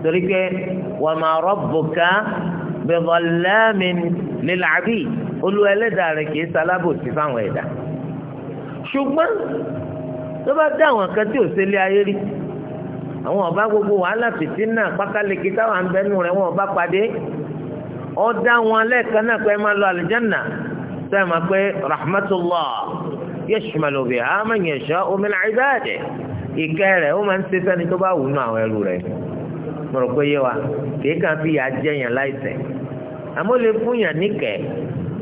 torí pé wa ma rabbuka bi dhallamin lil olú ẹlẹ́dàá rẹ̀ kì í ṣalábòsí fáwọn ẹ̀dá ṣùgbọ́n tó bá dá àwọn kan tí ò ṣẹlẹ̀ ayé rí àwọn ọba gbogbo wàhálà fìtínà pákáleke táwọn àbẹnú rẹ wọn ọba pàdé ọdá wọn lẹ́ẹ̀kan náà pé máa lọ àlùjánnà sẹ́yìn máa pé rahmatullah yashmalu biha man yasha'u min ibadihi ìkẹ́ rẹ̀ ó máa ń ṣe sẹ́ni tó bá wù nù àwọn ẹrú rẹ̀ mo rò pé yé wa kìí kàn fi yàá jẹyàn láìṣẹ̀ àmọ́ lè fún yàn níkẹ́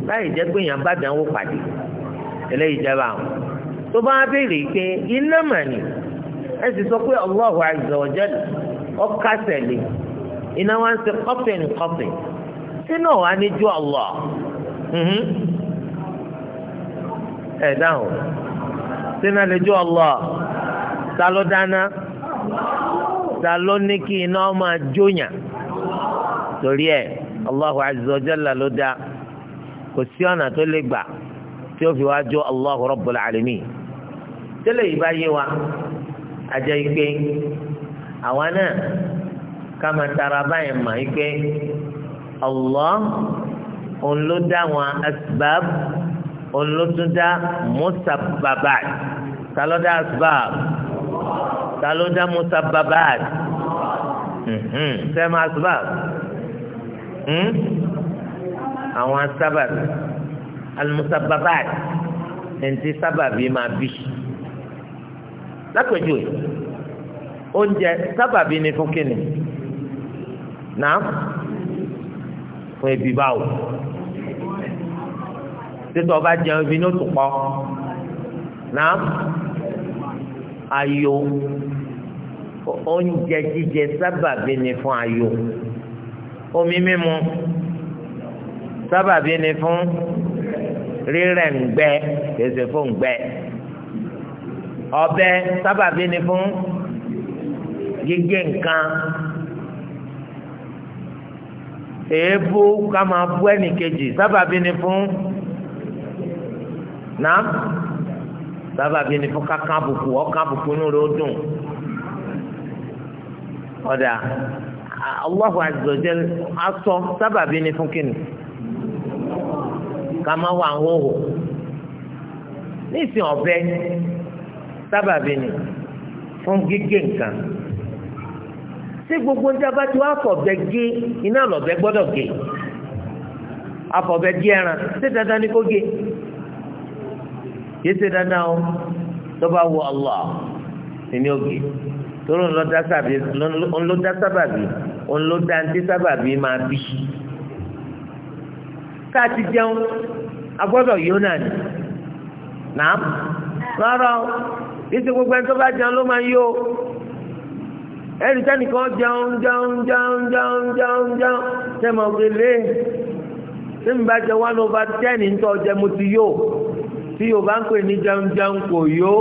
láì jẹ́ pé yàn bá dánwó pàdé eléyìí jẹ́ báwọn tó bá béèrè pé iná mà ní ẹ sì sọ pé Allahu azza wa jalla ọkásẹ̀ lé iná wa ń ṣe kọ́pìn kọ́pìn sínú wa ní ju Allah mhm. ẹ dáhùn sínú lè ju Allah ta ló dáná ta ló ní kí iná máa jóyàn torí ẹ Allahu azza wa ló dá kò sí ọ̀nà tó lè gbà tí ó fi wá jó Allahu rabbul alamin tẹ́lẹ̀ yìí bá yé wa àjẹ́ ìpè àwa náà ká máa tara báyìí mà ìpè Allah òun ló dá àwọn asbab òun ló tún dá musababat ta ló dá asbab ta ló dá musababat sẹ́mu mhm. asbab hmm? àwọn sábàbí almusababat ẹ̀ǹtí sábàbí máa bí lápẹjù oúnjẹ sábàbí ni fún kíni náà fún ebi báwo títọ́ ọba jẹun ebi ní òtún pọ̀ náà ayọ̀ oúnjẹ jíjẹ sábàbí ni fún ayọ̀ omi mímu sábàbí ni fún rírẹ̀ ń gbẹ kèsè fún gbẹ ọ̀bẹ sábàbí ni fún gígé nǹkan èébú ká máa bú ẹnìkejì sábàbí ni fún náà sábàbí ni fún kákan àbùkù ọkàn àbùkù inú rẹ ó dùn ọ̀dà Allahu azza wa jal asọ sábàbí ni fún kínní ká máa wà ń hóhò ní ìsìn ọ̀bẹ sábàbí ni fún gígé nǹkan ṣé gbogbo ń dábàá tí wọ́n afọ̀bẹ gé iná lọ́bẹ gbọ́dọ̀ gé afọ̀bẹ gé ẹran ṣé dandan ni kó gé yìí ṣe dandan o tó bá wọ Allah ẹni ògè tóró ńlọdá sábàbí ńlọdá sábàbí ńlọdá ntí sábàbí máa bí káàtì jẹun agbọ́dọ̀ yóò náà ni nàá rárá o yíṣe gbogbo ẹni tó bá jẹun ló máa ń yó ẹni tẹ́nìkan jẹun jẹun jẹun jẹun jẹun jẹun tẹ́mọ̀ gbélé tẹ́mi bá jẹ one over ten ń tọ́ jẹ mo ti yó tí yóò bá ń pè ní jẹun jẹun kò yó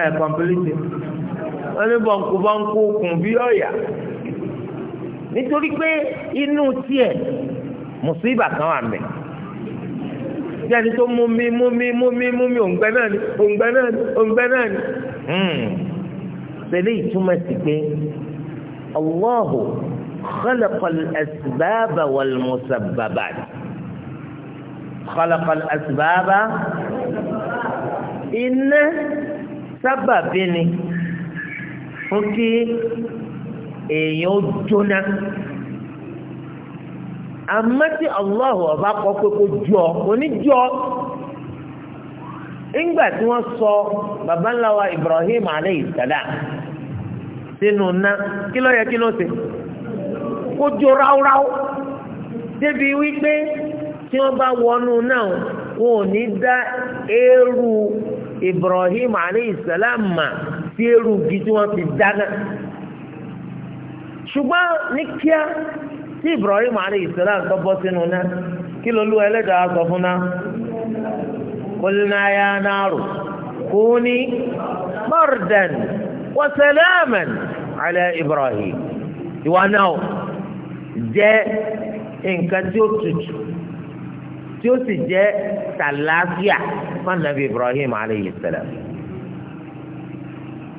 ẹ kọ̀mpilítì wọ́n ní bọ̀ǹkù bọ̀ǹkù kùn bí ọ̀yà nítorí pé inú tiẹ̀ mùsíbà kan wà mẹ́ẹ̀ bí ẹni tó mú mi mú mi mú mi mú mi òǹgbẹ náà ni òǹgbẹ náà ni òǹgbẹ náà ni. sẹ́lẹ̀ hmm. ìtumọ̀ sí pé Allahu khalaqal asbaba wal musabbabat khalaqal asbaba iná sábàbí ni fún kí èèyàn jóná àmọ́ tí Allah ọba kọ pé kó jù ọ oníjọ ńgbà tí wọ́n sọ baba Ibrahim aleyhi salam sínú na kilo ló yẹ kí ló ṣe kó jó ráúráú débi wípé tí wọ́n bá wọnú náà wọn ò ní dá eérú Ibrahim aleyhi salam ma sí eérú igi tí wọ́n fi dáná ṣùgbọ́n ní kíá tí Ibrahim alayhi salam tó bọ́ sínú náà kí ló lú ẹlẹ́dàá sọ fún náà qulna ya naru kuni bardan wa salaman ala Ibrahim ìwà náà jẹ́ nǹkan tí ó tutù tí ó sì jẹ́ tàlàáfíà fún nàbí Ibrahim alayhi salam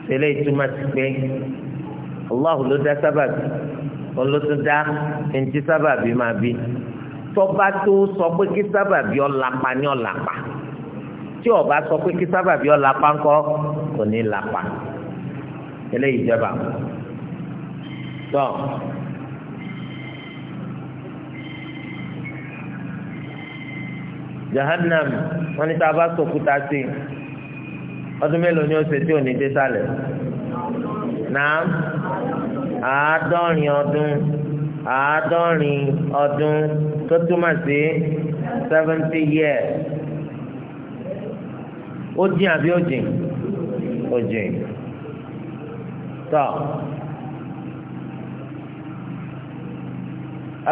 tẹ́lẹ̀ ìtumọ̀ sí pé Allahu ló dá sábàbí olótún dá ẹnjí sábàbí máa bí tọ́ba tó sọ pé kí sábàbí ọ̀làpá ní ọ̀làpá tí ọba sọ pé kí sábàbí ọ̀làpá ńkọ́ kò ní làpá eléyìí jẹba tọ́. jahannam wọn ní tá a bá sòkúta sí i ọdún mélòó ni ó ṣe tí ò ní dé sálẹ̀ náà àádọ́rin ọdún àádọ́rin ọdún tó túmọ̀ sí seventy years ó jìn àbí ó jìn ó jìn tọ́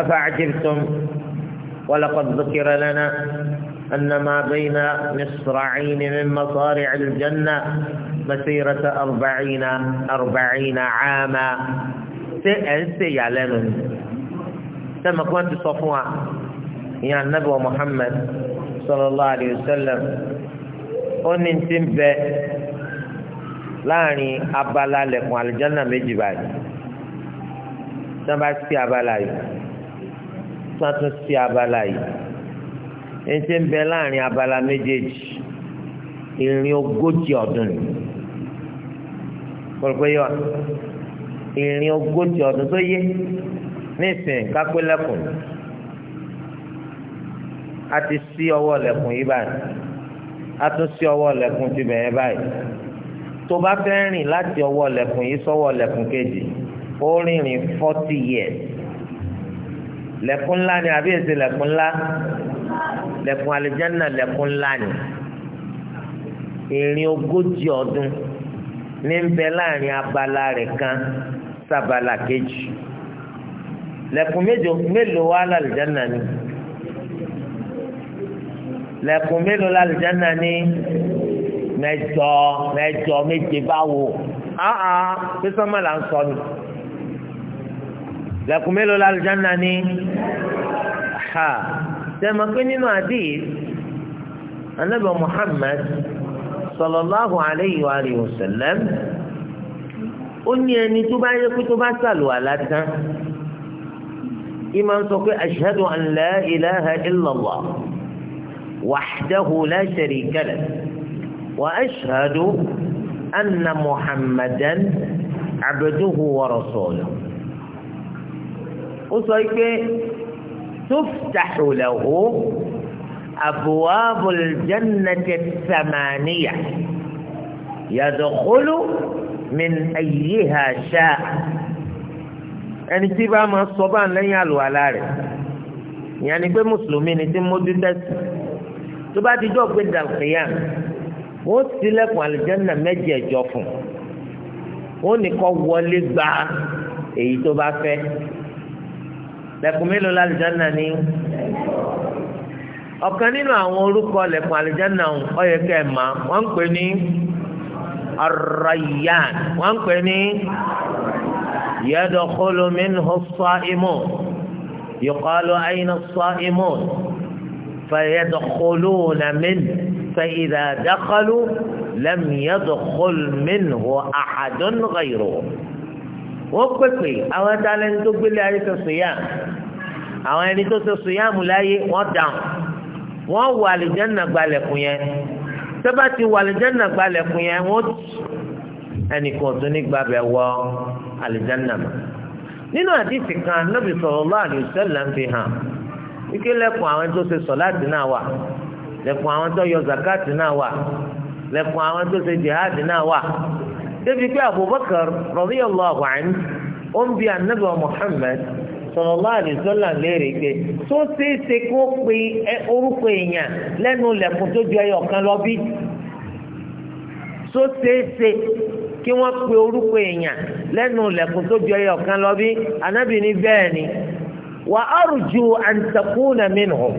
أفعجبتم ولقد ذكر لنا أن ما بين مصرعين من مصارع الجنة مسيرة أربعين أربعين عاما ṣé ẹ̀ ń ṣe ìyàlẹ́nu ni sẹ́mi ti sọ fún wa ìyá anabi sallallahu ó ní ti ń láàrin abala lẹ̀kùn àlùjáná méjì báyìí tí bá sí abala yìí tí tún sí abala yìí ní ti ń bẹ láàrin abala méjèèjì ìrìn ogójì ọdún ni ìrìn ogójì ọdún tó yé nísìnyí kápé lẹ́kùn a ti sí ọwọ́ lẹ́kùn yìí báyìí a tún sí ọwọ́ lẹ́kùn ti bẹ̀rẹ̀ báyìí tó bá fẹ́ rìn láti ọwọ́ lẹ́kùn yìí sọ́wọ́ lẹ́kùn kejì ó rìnrìn forty years lẹ́kùn ńlá ni àbí èsì lẹ́kùn ńlá lẹ́kùn alìjẹ́nà lẹ́kùn ńlá ni ìrìn ogójì ọdún ní ń bẹ láàrin abala rẹ̀ kan sábàlà kejì lẹ̀kùn mélòó mélòó wà lálùjáná ni lẹ̀kùn mélòó lálùjáná ni mẹ́jọ mẹ́jọ méje báwo áhà sísọmọ là ń sọ ni lẹ̀kùn mélòó lálùjáná ni ha tẹmọ pé nínú àdìs anábẹ Muhammad sallallahu alayhi wa sallam. ó ní ẹni tó bá yẹ kó tó bá sàlùwàlá tán ìmọ̀ ń sọ pé ashhadu an ilaha illallah wahdahu la gẹ̀rẹ̀ wa ashhadu anna muhammadan abduhu wọ̀rọ̀ rasuluhu ó sọ pé tuftahu lahu abwabul jannati ath-thamaniya yadkhulu. min ayyiha sha'a ẹni tí bá máa sọ bá ń lẹ́yìn àlùwàlá rẹ̀ ìyẹn ni pé mùsùlùmí ni tí mójú tẹ́sí tó bá ti jọ́ pé dàlùkìyà wọ́n tilẹ̀kùn àlùjẹ́nà mẹ́jẹ̀ẹ̀jọ fún wọ́n ní kó wọlé gba èyí tó bá fẹ́ lẹ́kùn mélòó lálùjẹ́nà ni ọ̀kan nínú àwọn orúkọ lẹ́kùn àlùjẹ́nà ọ̀yẹ̀kẹ́ mà wọ́n ń pè ní. Ar-Rayyan wọ́n ń pè ní yadkhulu minhu as-sa'imun yuqalu ayna as-sa'imun fayadkhuluna minhu fa-idha dakhalu lam yadkhul minhu ahadun ghayruhu wọ́n pèpè àwọn dálẹ́ni tó gbélé ayé tó sòyà àwọn ẹni tó tó sòyà mú láyé wọ́n dáhùn wọ́n wọ àlìjẹ́nà gbalẹ̀kùn yẹn tẹ́bá ti wà àlìjánà gba lẹ̀kùn yẹn wọ́n ti ẹnìkan tó ní gbàbẹ̀ wọ àlìjánà mọ́ nínú àdìsí kan Nábì sallallahu alaihi wasallam ń fi hàn ike lẹ̀kùn àwọn tó ṣe sọ̀láàtì náà wà lẹ̀kùn àwọn tó yọ zakati náà wà lẹ̀kùn àwọn tó ṣe jihadi náà wà débi pé Abubakar radiyallahu anhu ó ń bi Ànábì Muhammad sallallahu alaihi wasallam léèrè pé tó ṣeé ṣe kó pe orúkọ èèyàn lẹ́nu ilẹ̀kùn tó ju ẹyọ kan lọ bí tó ṣeé ṣe kí wọ́n pe orúkọ èèyàn lẹ́nu ilẹ̀kùn tó ju ẹyọ kan lọ bí anábì ní bẹ́ẹ̀ ni wa arju an takuna minhum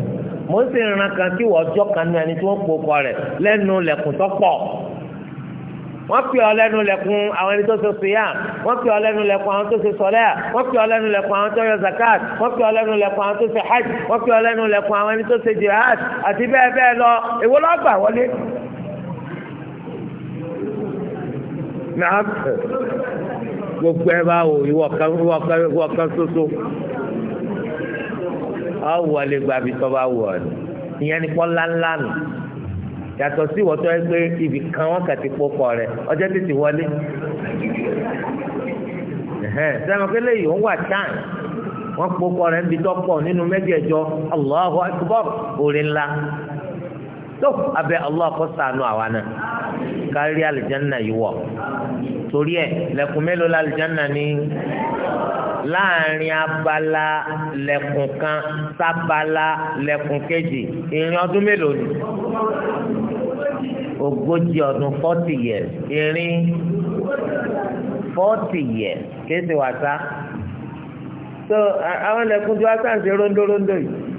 mo ń sì rìnrìn kan kí wọ́n jọ́ kan ní ẹni tí wọ́n pokọ rẹ̀ lẹ́nu ilẹ̀kùn tó pọ̀ wọ́n pè ọ́ lẹ́nu lẹ́kùn àwọn ẹni tó ṣe siyam wọ́n pè ọ́ lẹ́nu lẹ́kùn àwọn tó ṣe sọ́lá wọ́n pè ọ́ lẹ́nu lẹ́kùn àwọn tó yọ zakat wọ́n pè ọ́ lẹ́nu lẹ́kùn àwọn tó ṣe hajj wọ́n pè ọ́ lẹ́nu lẹ́kùn àwọn ẹni tó ṣe jihad àti bẹ́ẹ̀ bẹ́ẹ̀ lọ èwo ló gbà wọlé. gbogbo ẹ bá wò ìwọ kan ìwọ kan ìwọ kan ṣoṣo ọ wọlé gbàbí tó bá wọ ìyẹn ni kọ́ ńláńlá nù yàtọ̀ sí ìwọ́tọ́ ẹ pé ibì kan wọ́n kà ti pokọ̀ rẹ̀ ọjọ́ títí wọlé sẹ́nu pé léyìí ó wà tán wọ́n pokọ̀ rẹ̀ ń bi tọ́pọ̀ nínú Allah Allahu akbar òrìńlá tó abẹ Allah kó ṣàánú àwa náà kárí alìjánná yìí wọ̀ torí ẹ̀ lẹ́kùn mélòó la alìjánná ní láàrin abala lẹ́kùn kan sábala lẹ́kùn kejì ìrìn ọdún mélòó ni ogójì ọdún forty years ìrìn forty years kéde wàsá so àwọn lẹ́kùn tí wàsá ń ṣe rondórondó yìí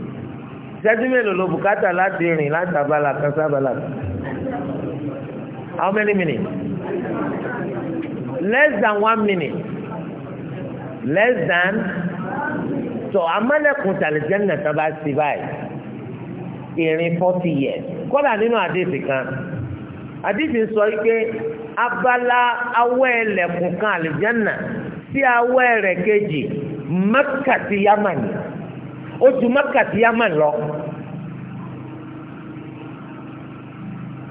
ìṣẹ́jú mélòó ló bùkátà láti rìn láti abala kan sábala how many minutes less than one minute less than so amálẹ̀kùn tàlẹ́jẹ́nà tán bá ti báyìí ìrìn forty years kọ́dà nínú àdéhìí kan àdéhìí sọ pé abala awọ́ ẹlẹ́kùn kan àlẹ́jẹ́nà sí awọ́ ẹ̀rẹ̀ kejì Mẹ́kà sí Yámánì ó ju Mẹ́kà sí Yaman lọ.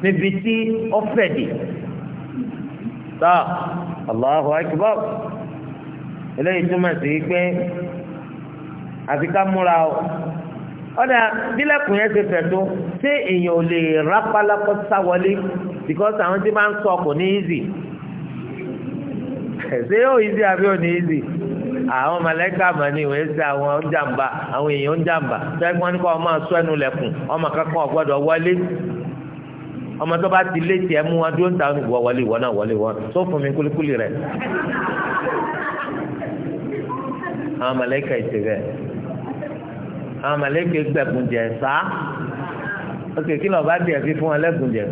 níbi tí ọ̀fẹ́ dì tá Allahu Akbar eléyìí túmọ̀ sí pé àfi ká múra o ọ̀dà bílẹ̀kùn yẹn ti fẹ̀ tó ṣé èèyàn ò lè rápálákọ́ sá wọlé because àwọn tí máa ń sọ kò ní easy [laughs] ṣé yóò easy àbí ò ní easy àwọn mọ̀lẹ́kà mà ní ìwé sí àwọn jàǹbá àwọn èèyàn jàǹbá sẹ́gbọ́n ní kọ́ ọmọ sọ ẹnu lẹ̀kùn ọmọ kankan ọ̀gbọ́dọ̀ wọlé ọmọ tó bá ti lé tiẹ̀ mú wọn dúró ń ta ìwọ wọlé ìwọ náà wọlé wọn tó fún mi kúlíkúlí rẹ̀ àwọn mọ̀lẹ́kà ìṣe bẹ́ẹ̀ àwọn mọ̀lẹ́kà gbẹ̀gùn jẹ̀ sá ókè kí lọ́ọ́ bá tiẹ̀ fi fún wọn lẹ́gùn jẹ̀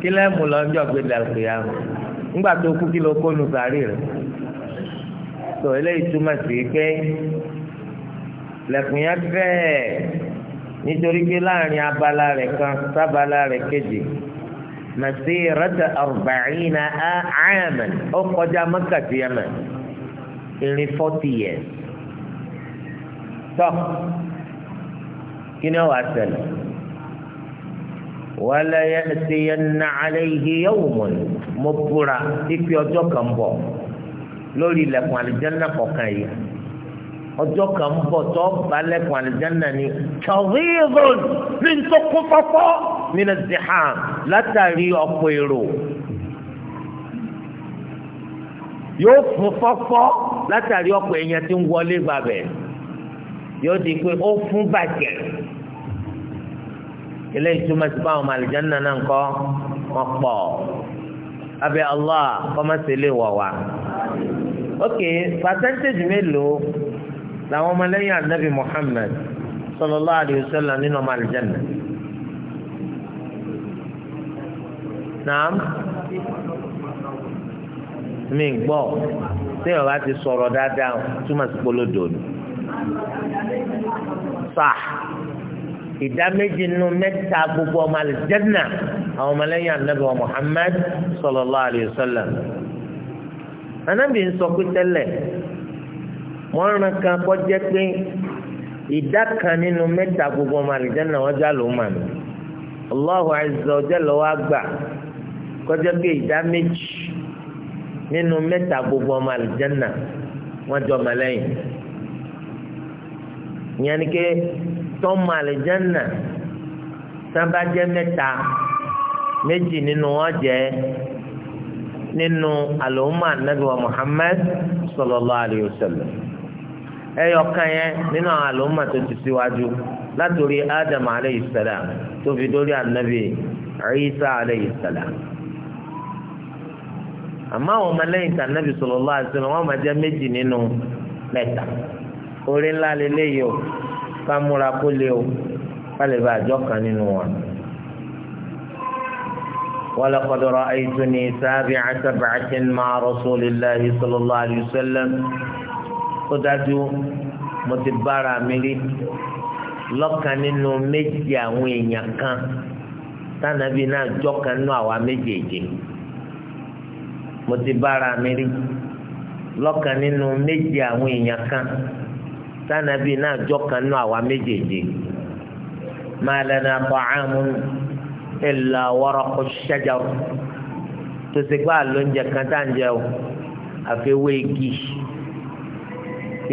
kí lẹ́mù lọ́jọ́ gbé dàgbé yàrá ńgbà tó kú kí ló kó nu sàárì rẹ̀ sọ eléyìí túmọ̀ sí pé lẹ́kùn yẹn fẹ́ẹ̀ nítorí pé láàrin abala rẹ̀ kan sábala rẹ̀ kejì masirata arba'ina aaman ó kọjá mọ́kàtí yaman ìrìn forty years tọ́ kí ni wàá ṣẹlẹ̀ wala ya'tiyanna alayhi yawmun mo búra ipe ọjọ́ kan bọ̀ lórí ilẹ̀kùn àlìjánná kọ̀ọ̀kan yìí ọjọ́ kan ń bọ̀ tó bá lẹ́kùn àlìjánná ni kàwéèròn ní tó kún fọ́fọ́ nínú zihàn látàrí ọ̀pọ̀ èrò yóò fún fọ́fọ́ látàrí ọ̀pọ̀ èèyàn tí ń wọlé gbàbẹ̀ yóò di pé ó fún bàjẹ́ ilé ìtumọ̀ sí báwọn àlìjánná náà ń kọ́ wọn pọ̀ abẹ́ Allah kọ́mọ́sí lè wọ̀ wá ok percentage mélòó làwọn ọmọlẹ́yìn anabi Muhammad sallallahu alayhi wa sallam nínú ọmọ àlùjánnà naam mi gbọ́ téèyàn bá ti sọ̀rọ̀ dáadáa túmọ̀ sí polódo ni fa ìdá méjì nínú mẹ́ta gbogbo ọmọ àlùjánnà àwọn ọmọlẹ́yìn anabi Muhammad sallallahu alayhi anábì ń sọ pé tẹ́lẹ̀ wọ́n rán kan kọ́ jẹ́ pé ìdá kan nínú mẹ́ta gbogbo ọmọ àlùjáná wọn já ló mà mí Allahu azza wa jalla wá gbà kọ́ jẹ́ pé ìdá méjì nínú mẹ́ta gbogbo ọmọ àlùjáná wọn jọ mà ìyẹn ni pé tọ́mọ àlùjáná sábà jẹ́ mẹ́ta méjì nínú wọn jẹ́ nínú àlòmà nàbíwá Muhammad sallallahu alayhi wa sallam ẹyọ kan yẹn nínú àwọn àlòmà tó ti síwájú látòrí Adam alayhi salam tó fi dórí ànábì Isa alayhi salam àmọ́ àwọn ọmọlẹ́yìn tà nàbì sallallahu alayhi wa sallam wọ́n máa jẹ́ méjì nínú mẹ́ta orí ńlá lélẹ́yìí o ká múra o ká lè kan nínú wọn. ولقد رأيتني سابع سبعة مع رسول الله صلى الله عليه وسلم قدادو متبارا ملي lọ́kàn nínú méjì àwọn èèyàn kan tánàbí náà jọ́kan nínú àwa méjèèjì mo ti bára mi rí lọ́kàn nínú méjì àwọn èèyàn kan tánàbí náà jọ́kan nínú àwa méjèèjì máa lẹ́nu àpọ̀ ààmú ìlà waraqu shajar tó ti gbá lóúnjẹ kan tá à ń jẹ o àfi ewé igi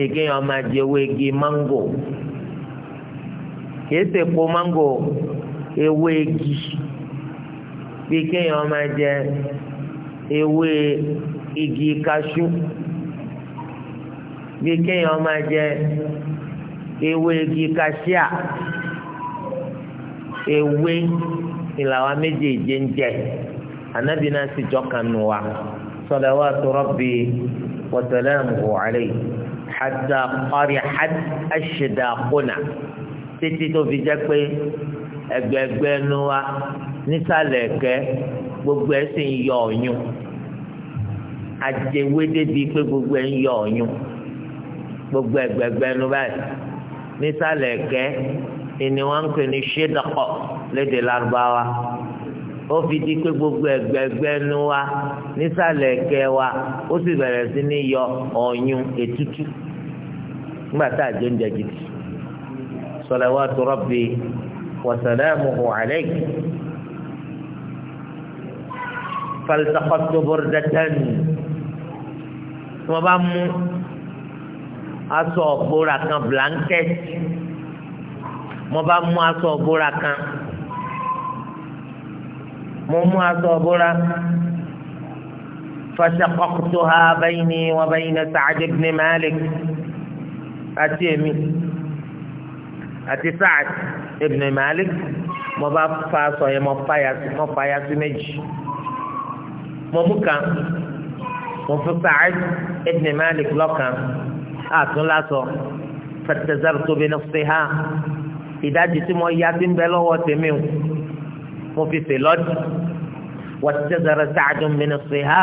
igi yẹn máa jẹ ewé igi mángò kìí ṣe po mángò ewé igi bí kéèyàn máa jẹ ewé igi kaṣú bí kéèyàn máa jẹ ewé igi kaṣíà ewé ìlà wa méjèèjì ń jẹ anabi náà sì jọkàn nù wa salawatu rabbi wa salamuhu alayhi hatta qarihat ashdaquna títí tó fi jẹ́ pé ẹgbẹgbẹ wa nísàlẹ̀ ẹ̀kẹ́ gbogbo ẹ̀ ń yọ àjẹwédé gbogbo ń yọ gbogbo báyìí ìní wọn ń pè ní ṣédọkọ lédè lárúbáwá ó fi di pé gbogbo ẹgbẹgbẹ nu wa nísàlẹ̀ ẹ̀kẹ́ wa ó sì bẹ̀rẹ̀ sí ní yọ ọ̀yún ètútú nígbà tá a jẹ oúnjẹ gidi salawatu rabbi wa salamuhu alayhi faltaqattu burdatan tí wọ́n bá mú aṣọ òpó ra kan blanket mo bá mú aṣọ ìbora kan mo mú aṣọ ìbora fashaqaqtuha bayni wa bayna Sa'd ibn Malik àti èmi àti Sa'd ibn Malik mo bá fa aṣọ yẹn mo fàyà sí méjì mo mú kan mo fi Sa'd ibn Malik lọ́kan àtúnlá sọ fattazartu bi nafsiha ìdájí tí mo ya ti ń bẹ lọ́wọ́ tèmi o mo fi fè lọ́dún wọ́n ti tẹ́sẹ̀rẹ̀ sáàdù mìíràn sí ha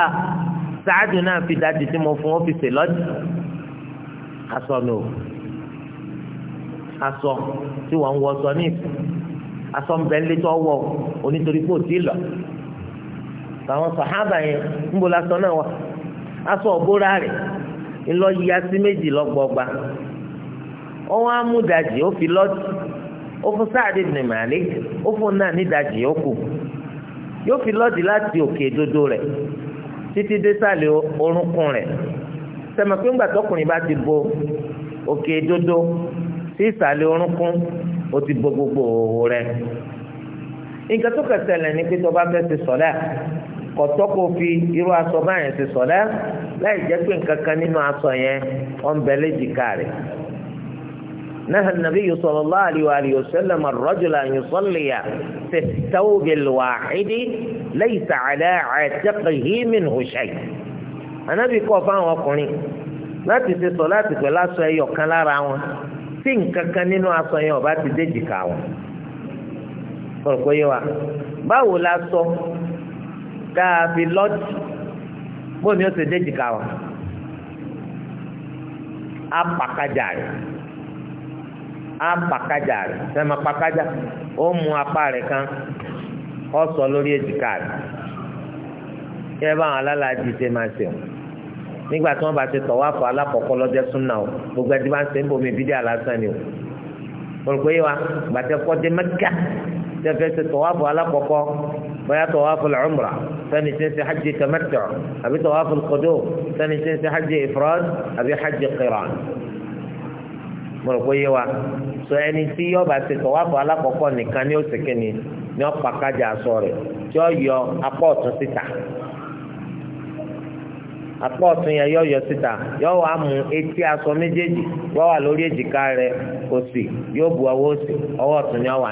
sáàdù náà fi ìdájí tí mo fún ó fi fè lọ́dún aṣọ mi o aṣọ tí wọ́n ń wọ sọ ní ìsìn aṣọ ń bẹ ń lé tó wọ onítorí pé tí ì lọ àwọn sàhábà yẹn ń bo la náà wà aṣọ ọ̀bóra rẹ̀ ńlọ yíya sí méjì lọ́gbọ̀gba ọwọ́ amúdajì ó fi lọ́dún ó fún Sa'd ibn Malik ó fún náà nídajì yòókù yóò fi lọ́ọ̀dì láti òkè dodo rẹ̀ títí dé sàlẹ̀ orúnkún rẹ̀ sẹ́mi pé ńgbà tọkùnrin bá ti bo òkè dodo sí ìsàlẹ̀ orúnkún ó ti bo gbogbo òwò rẹ̀ nǹkan tó kẹsẹ̀lẹ̀ ni pé tó bá fẹ́ ti sọ̀lá kọ̀tọ́ kò fi irú aṣọ báyẹn ti sọ̀lá láì jẹ́ pé nǹkan kan nínú aṣọ yẹn ọ̀ ń bẹ léjìká rẹ̀. نهى النبي صلى الله عليه وآله وسلم الرجل أن يصلي في الثوب الواحد ليس على عاتقه منه شيء النبي كوفا وقني لا تسي صلاة ولا سيئة كان لا راوان سين ككنين وعصيان وباتي ديجي كاوان فرقوا يوا báwo la sọ káàfi lọ́dì bóun ni ó ti déjìká á pàkájà rẹ̀ sẹ́mi pàkájà ó mú apá rẹ̀ kan ó sọ lórí èjìká rẹ̀ yẹ báwọn alálàájì ṣe máa ṣe wọn nígbà tí wọn bá ṣe tọwáfọ alákọọkọ lọjọ súnà o gbogbo ẹni bá ń ṣe ń bomi bídí àlásán ni o olùkọ́ yìí wa gbàtẹ́ kọ́dé mẹ́kà tẹ́fẹ́ ṣe tọwáfọ alákọọkọ bóyá tọwáfọ lọ́mùrà sani tí ń ṣe hajj tamattu àbí tọwáfọ kọ́dọ̀ sani tí ń ṣe hajj ifrad àbí hajj qiran mọ̀rọ̀pọ̀ rò yé wa sọ ẹni tí yọba ti tọ̀ wá fún alákọ̀ọ́kọ́ nìkan ní ni ní ọ̀pá kájà aṣọ rẹ̀ tí ó yọ apá ọ̀tún síta apá yọ yọ síta yọ mú etí aṣọ méjèèjì wà lórí èjìká rẹ̀ òsì yóò bu ọwọ́ ni wà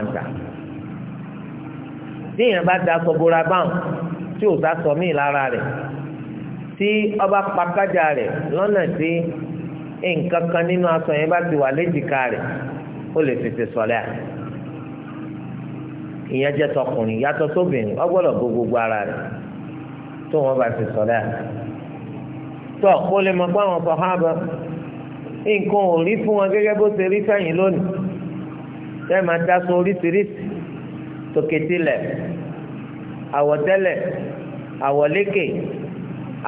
nǹkan kan nínú aṣọ yẹn bá ti wà léjìká rẹ̀ ó lè fètè sọ̀lẹ́ à ìyẹn jẹ́ tọkùnrin yàtọ̀ sóbìnrin ó gbọ́dọ̀ bo gbogbo ara rẹ̀ tó wọn bá ti sọ̀lẹ́ à tọ́ kó lè mọ pé àwọn sàhábà nǹkan ò rí fún wọn gẹ́gẹ́ bó ṣe rí sẹ́yìn lónìí tẹ́ máa dáṣọ oríṣiríṣi tòkètìlẹ̀ àwọ̀tẹ́lẹ̀ àwọ̀lékè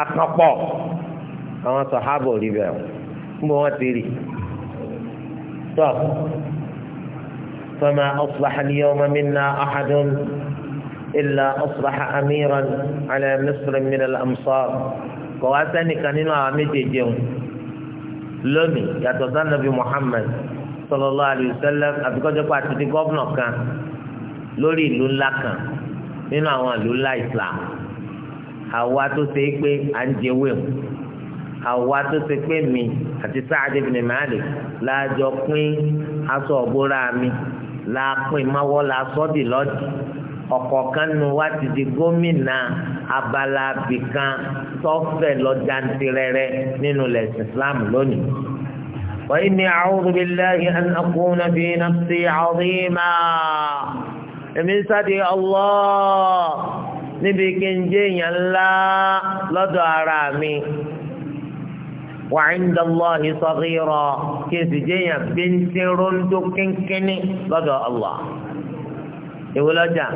àkànpọ̀ àwọn sàhábà rí bẹ́ẹ̀ o níbo wọ́n ti rí tọ́ fama ọ̀sùlá al-yawma minna ahadun. إلا أصبح أميرا على مصر من الأمصار كواسني كانوا عمتي جون لومي يتوزن النبي محمد صلى الله عليه وسلم أبقى جوكو أتدي غوفنو كان lórí ìlú ńlá kan nínú àwọn ìlú ńlá islam àwa tó ṣe é pé à ń jẹ wéwù àwa tó ṣe pé mi àti Sa'ad ibn Malik láàjọ pín aṣọ ọ̀gbóra mi láàpín máwọ́ la sọ́dì lọ́dì ọ̀kọ̀ọ̀kan nu wa ti di gómìnà abala abìkan tọ́fẹ̀ lọ jantirẹrẹ nínú lẹ́sìn Islam lónìí. وإني أعوذ بالله أن أكون في نفسي عظيما èmi ń sáde Allah níbi kí n jẹ́ wa 'inda Allahi saghira kí èsì jẹ́yàn bíntín ròǹdó kínkínní lọ́dọ̀ Allah èwo lọ́jà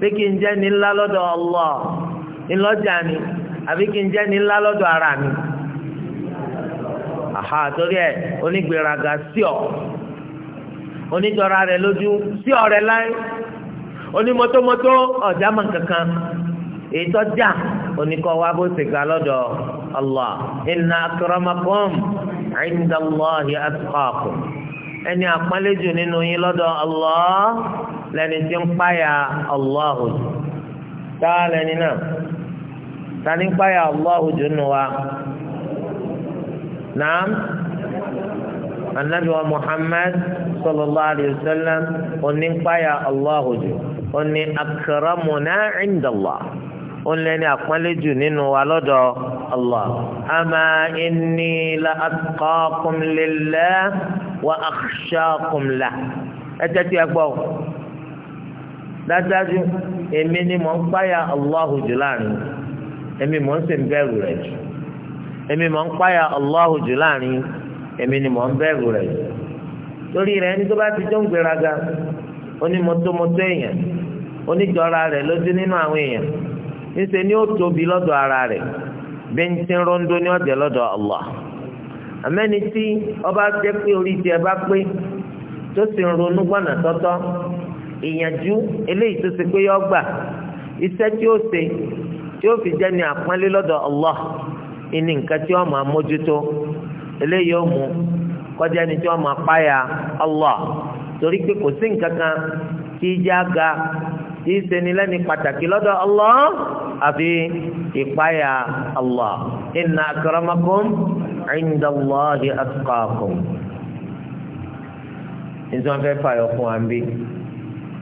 pé kí n jẹ́ ní ńlá lọ́dọ̀ Allah ńlọ́jà ni àbí kí n jẹ́ ní ńlá lọ́dọ̀ ara mi àhà torí ẹ onígbèraga sí ọ oníjọra rẹ lójú sí ọ̀rẹ́ láyé onímọ́tómọ́tó ọ̀já mọ̀ kankan èyí tó já oníkọ́ wa bó ṣe ga lọ́dọ̀ Allah inna akramakum inda Allahi atqakum ẹni àpọ́nlẹ́jù nínú yín lọ́dọ̀ Allah lẹni tí ń páyà Allah tá lẹni náà ta ni ń páyà Allah nù wa naam anabi Muhammad sallallahu alayhi wa sallam onípáyà Allah jù oní akramuna inda Allah. ó lé ní àpọ́nlé jù nínú wa lọ́dọ̀ Allah ama inni la atqakum lillah wa akhshakum lah ẹ tẹ́tí ẹ gbọ́ dájúdájú èmi ni mò ń páyà Allahu jù láàrin èmi mò ń sì ń bẹ̀rù rẹ̀ jù èmi mò ń páyà Allahu jù láàrin èmi ni mò ń bẹ̀rù rẹ̀ jù torí rẹ̀ ẹni tó bá ti jọ ń gbéraga onímọ̀tòmọ̀tò èèyàn oníjọra ńṣe ni ó tóbi lọ́dọ̀ ara rẹ̀ bíntín rondo ní ọ̀jẹ̀ lọ́dọ̀ Allah àmẹ́ni tí ọba jẹ́ pé orí tiẹ̀ bá pé tó sì ń ronú gbọ́nà tọ́tọ́ ìyànjú eléyìí tó ti pé yọ gbà iṣẹ́ tí ó ṣe tí ó fi jẹ́ ní àpọ́nlé lọ́dọ̀ Allah ìní nǹkan tí ó máa mójútó eléyìí ó mú kọjá ni tí ó máa tí í ṣe ni lẹ́ni pàtàkì lọ́dọ̀ Allah àfi ìpáyà Allah inna akramakum inda Allahi atqakum. fẹ́ fàyọ fún wa bí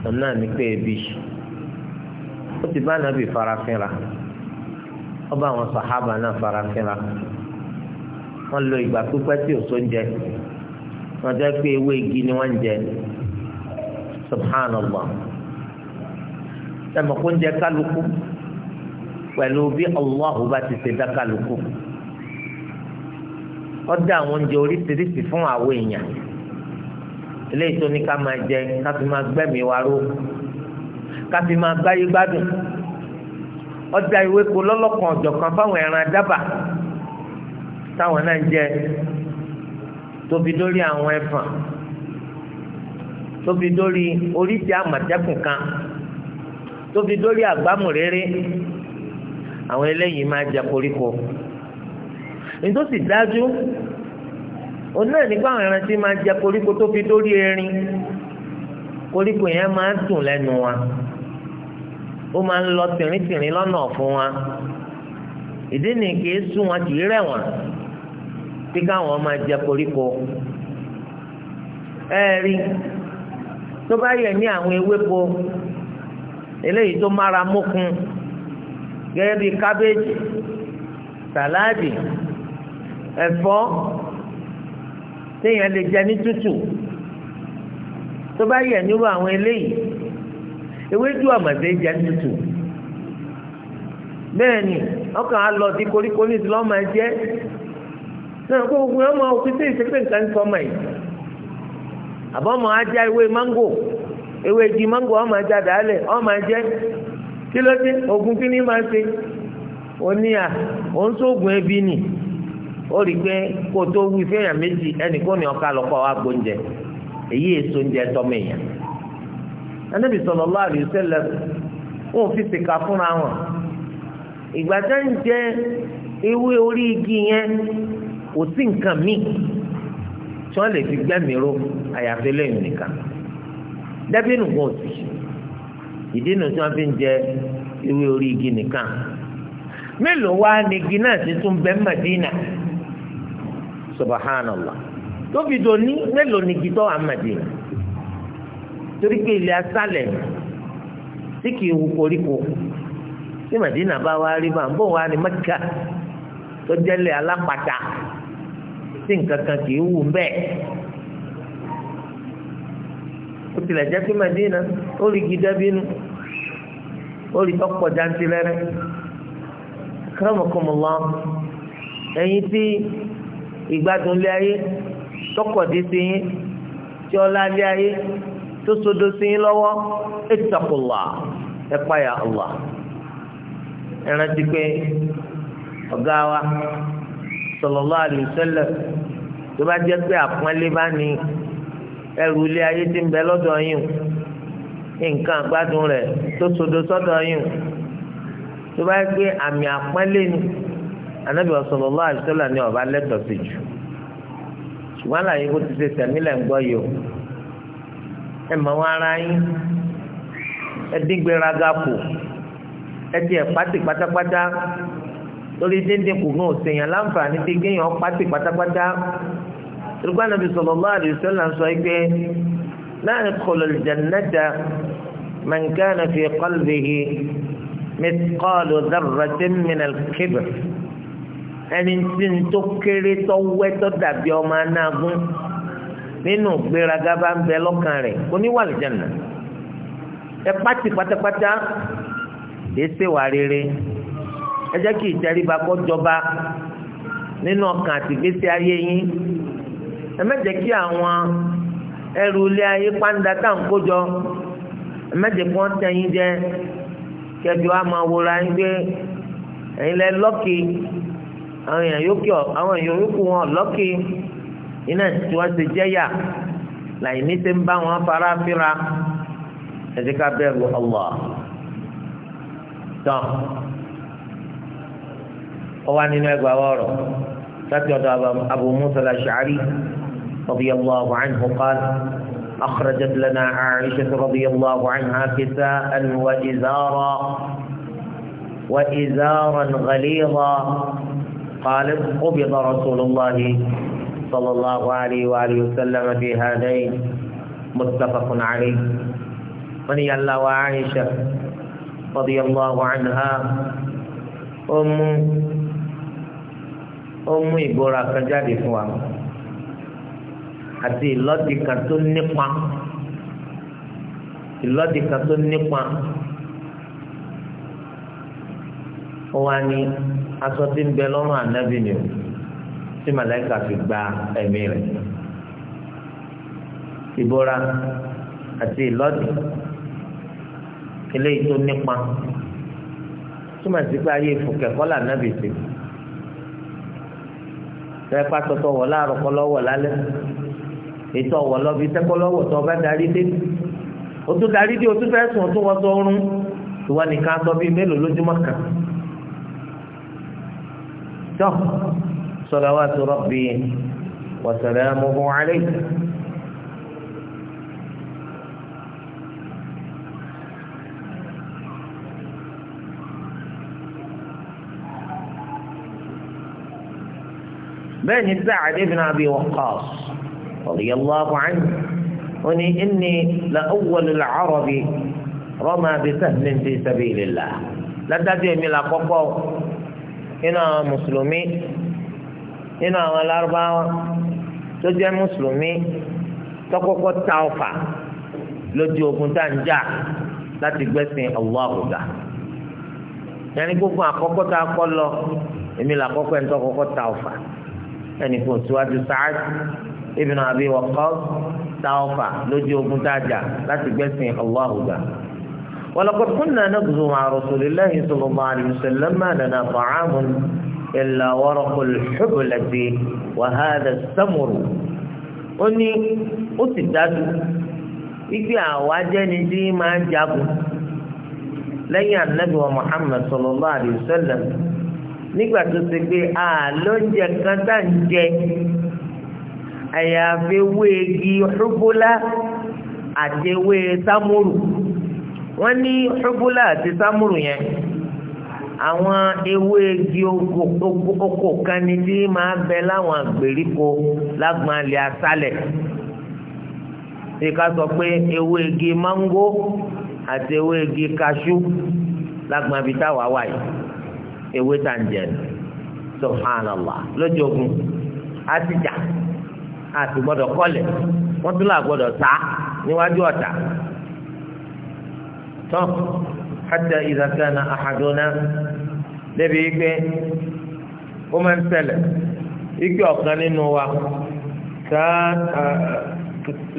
wọn náà ní pé ebi ó ti bá nàbì farafinra ó bá àwọn sàhábà náà farafinra lo ìgbà pípẹ́ tí ò sóúnjẹ jẹ́ pé ewé igi ni wọ́n ń jẹ subhanallah. sẹ́mi kó ń jẹ kálukú pẹ̀lú bí Allahu bá ti ṣe dá kálukú ó dá àwọn oúnjẹ oríṣiríṣi fún àwọn èèyàn eléyìí tó ní ká máa jẹ ká fi máa gbẹ́mìí wa ró ká fi máa gbáyé gbádùn ó dá ewéko lọ́lọ́kan ọ̀jọ̀kan fáwọn ẹran dábàá táwọn náà ń jẹ tóbi dórí àwọn ẹ̀fọn tóbi dórí oríṣi àmọ̀tẹ́kùn kan tó fi dórí àgbámù rere àwọn eléyìí máa jẹ koríko nítòsí dájú òun náà nípa àwọn ẹran tí máa jẹ koríko tó fi dórí erin koríko yẹn máa ń dùn lẹ́nu wa ó máa ń lọ tìrìntìrìn lọ́nà ọ̀fun wa ìdí nìyí kì í sún wọn kì í rẹ̀ wọ́n kí káwọn máa jẹ koríko ẹ̀ẹ́rì tó bá yẹ ní àwọn ewéko eléyìí tó mára mókun gẹ́gẹ́ bíi kábéèjì sàláàdì ẹ̀fọ́ téèyàn lè jẹ ní tútù tó bá yẹ nírú àwọn eléyìí ewédú àmàdé jẹ ní tútù bẹ́ẹ̀ ni ọkàn á lọ sí koríko ní ìdílọ́ máa jẹ́ náà kó gbogbo ọmọ òfin tí ìṣẹ́pẹ̀ nǹkan sọmọ yìí àbọ̀mọ̀ á já ewé máńgò ewé igi mango ọmọ ajá dàálẹ̀ ọmọ ajẹ́ kí ló dé oògùn kí ni máa ṣe sóògùn ebi nì ó rí pé kó tó wí fẹ́yàn méjì ẹnìkan ní nje eyi wa gbóúnjẹ èyí èso oúnjẹ tọ́mọ èèyàn anábì fi fúnra wọn ìgbà tá ń jẹ igi yẹn kò sí nǹkan míì tí lè fi dẹ́bìnù kan ò sí ìdí nu tí wọ́n fi ń jẹ ewé orí igi nìkan mélòó wá ni igi náà ti tún tó ní mélòó ni igi tó wà torí pé asálẹ̀ tí kì í wu koríko tí bá wá rí bá ń bọ̀ wá ó tilẹ̀ jẹ́ pé Madina ó rí gidá bínú ó rí tọ́pọ̀ jantirẹrẹ akramakumullah ẹ̀yin tí ìgbádùn lé ayé tọkọ̀ dé sí yín tí ọlá lé ayé tó sodo sí yín lọ́wọ́ ittaqullah ẹ páyà Allah ẹ pé ọ̀gá wa sallallahu alaihi tó bá jẹ́ pé àpọ́nlé bá ní ẹrù ilé ayé ti ń bẹ lọ́dọ̀ yín nǹkan àgbádùn rẹ̀ tó sodo sọ́dọ̀ yín tó bá yẹ pé àmì àpọ́nlé ni anábì sallallahu alaihi wasallam ni ọba lẹ́tọ̀ọ́ sí jù ṣùgbọ́n àlàyé bó ti ṣe tẹ̀mílẹ̀ ń gbọ́ yìí o ẹ mọ̀ wọn ara yín ẹ díngbéraga kù ẹ ti ẹ̀ pátì pátápátá lórí díndín kù náà ṣèyàn láǹfààní ti gbéyàn pátì pátápátá tìrúgbà nàbí sallallahu alaihi wasallam sọ pé la yadkhulul jannata man kana fi qalbihi mithqalu dharratin minal kibr ẹni tí ń tó kéré tó wẹ́ tó dàbí ọmọ anágún nínú gbéraga bá ń bẹ lọ́kàn rẹ̀ oníwàlì jẹ̀nà ẹ pàtì pátápátá lè ṣe wà rere ẹ jẹ́ kí ìtẹríba kó jọba nínú ọkàn àti ìgbésí ayé yín ẹ má jẹ́ kí àwọn ẹrù ilé ayé pàǹdà tá à ń kójọ ẹ má jẹ́ kí wọ́n tẹ̀ yín jẹ kẹjọ á máa wòra yín pé ẹ̀yin lẹ lọ́kì àwọn èèyàn yókè àwọn èèyàn yókù wọn lọ́kì iná tí wọ́n ti jẹ́yà láì ní ti ń bá wọn fara fínra ẹ ká bẹ̀rù Allah tán ọwọ́ nínú ẹgbàá wọ̀rọ̀ láti ọ̀dọ̀ Abu Musa la ashari رضي الله عنه قال أخرجت لنا عائشة رضي الله عنها كساء وإزارا وإزارا غليظا قالت قبض رسول الله صلى الله عليه وآله وسلم في هذين متفق عليه وني الله وعائشة رضي الله عنها أم أم إبراك جاري فوامه àti ìlọ́dì kan tó nípa ìlọ́dì kan tó nípa ó wá aṣọ tí ń bẹ lọ́rùn ànábì ni o tí màláìka fi gba ẹ̀mí rẹ̀ ìbora àti ìlọ́dì eléyìí tó nípa túmọ̀ sí pé ayé ìfòkè kọ́là nábì sí. Bẹ́ẹ̀ pàtó tó wọ̀ láàrọ̀ kọ́ lọ́wọ́ lálẹ́ ètò ọ̀wọ̀ lọ́bi sẹ́kọ́lọ́wọ̀ tó ọba darí dé o tún darí dé o tún fẹ́ sùn o tún wọ́n sọ oorun ìwọ nìkan sọ bíi mélòó lójúmọ́ kan tó salawatu rabbi wa salamuhu alayhi. bẹ́ẹ̀ ni Sa'd ibn Abi Waqqas radiyallahu anhu ó ní inni la awwalul arabi rama bi sahmin fi sabilillah ládàbí èmi là kọ́kọ́ nínú àwọn mùsùlùmí nínú àwọn lárúbáwá tó jẹ́ mùsùlùmí tó kọ́kọ́ ta ọfà lójú ogun tá à ń jà láti gbẹ́sìn Allahu ga yẹnni gbogbo àkọ́kọ́ tá a kọ́ lọ èmi là kọ́kọ́ ẹni tó kọ́kọ́ ta ọfà ẹnì kò síwájú sáájú ibn Abi Waqqas táwọ̀fà lójú ogun tájà láti gbẹ̀sìn Allahu gbà. ولقد كنا نغزو مع رسول الله صلى الله عليه وسلم ما لنا طعام إلا ورق الحبلة وهذا السمر ó ní ó sì dájú ibi àwa jẹ́ni tí máa ń jagun lẹ́yìn anabi wa muhammed sallallahu alayhi wa sallam nígbà tó ṣe pé àlóúnjẹ kan tá à ń jẹ àyàfi ewé igi ṣubúlá àti ewé sámúrù wọ́n ní ṣubúlá àti sámúrù yẹn àwọn ewé igi oko kan ni tí máa bẹ láwọn àgbèríko lágbọn alẹ́ aṣálẹ̀ ṣe ká sọ pé ewé igi máńgó àti ewé igi kaṣú lágbọn abita wà wáyé ewé tàǹjẹ̀ subhanallah lójoogun á ti jà. Ja àti gbọ́dọ̀ kọ́lẹ̀ wọ́n tún là gbọ́dọ̀ ta níwájú ọ̀tá tán hàtà ìdàkànnà àhàdùnà débi wípé ó máa ń ṣẹlẹ̀ wípé ọ̀kan nínú wa ká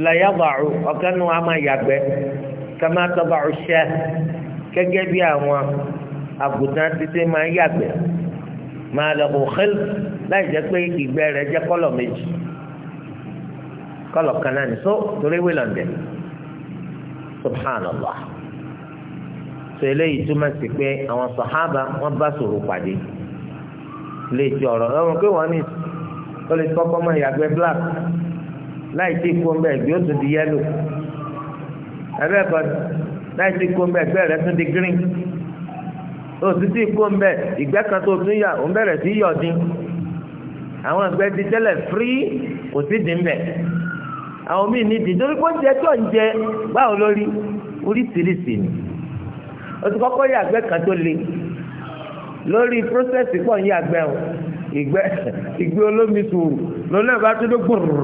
làyàbàrù ọ̀kan nínú wa máa yàgbẹ́ ká máa tọ́bàrù ṣẹ́ gẹ́gẹ́ bí àwọn àgùntàn títí máa yàgbẹ́ máa lọ́kùn xẹ́lì láì jẹ́ pé ìgbẹ́ rẹ̀ jẹ́ kọ́lọ̀ méjì kọlọ kan náà ní so torí wí lọ́ndẹ̀ subhanallah so eléyìí túmọ̀ sí pé àwọn sàhábà wọ́n bá sòrò pàdé lè ti ọ̀rọ̀ ọ̀rọ̀ pé wọ́n ní ó lè kọ́kọ́ mọ ìyàgbẹ́ black láì tí kó mbẹ́ ẹgbẹ́ ó tún di yẹ́lò ẹgbẹ́ kan láì tí kó mbẹ́ ẹgbẹ́ rẹ tún di green òtítì kó ìgbẹ́ kan tó tún yà ó ń bẹ̀rẹ̀ sí yọ̀dín àwọn ẹgbẹ́ ti tẹ́lẹ̀ free kò sí dín mbẹ́. àwọn míì nídìí torí pé oúnjẹ ń jẹ báwo lórí oríṣiríṣi ni o ti kọ́kọ́ yí àgbẹ̀ kan tó le lórí prósẹ́sì pọ̀ àgbẹ̀ o ìgbẹ́ ìgbẹ́ olómi sùúrù lọ́nà bá tó dé gbòòrò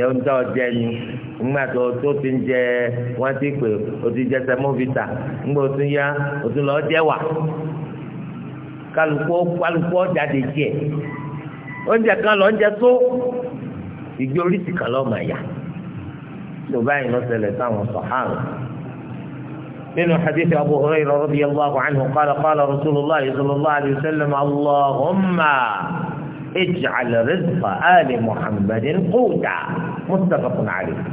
ẹ̀ ń ni tó tó ti ń jẹ wọ́n ti pè o ti jẹ sẹ́mọ́vítà tó o ti lọ́ọ́ wà kálukú jẹ oúnjẹ ìgbé oríṣi kan lọ́ọ́ máa yà tó báyìí lọ́sẹ̀lẹ̀ sáwọn sọ̀hánù. nínú hadith abu hurairah radiyallahu anhu qala qala rasulillah sallallahu alayhi wa sallam allahumma ij'al rizqa ali muhammadin quta muttafaqun alayhi.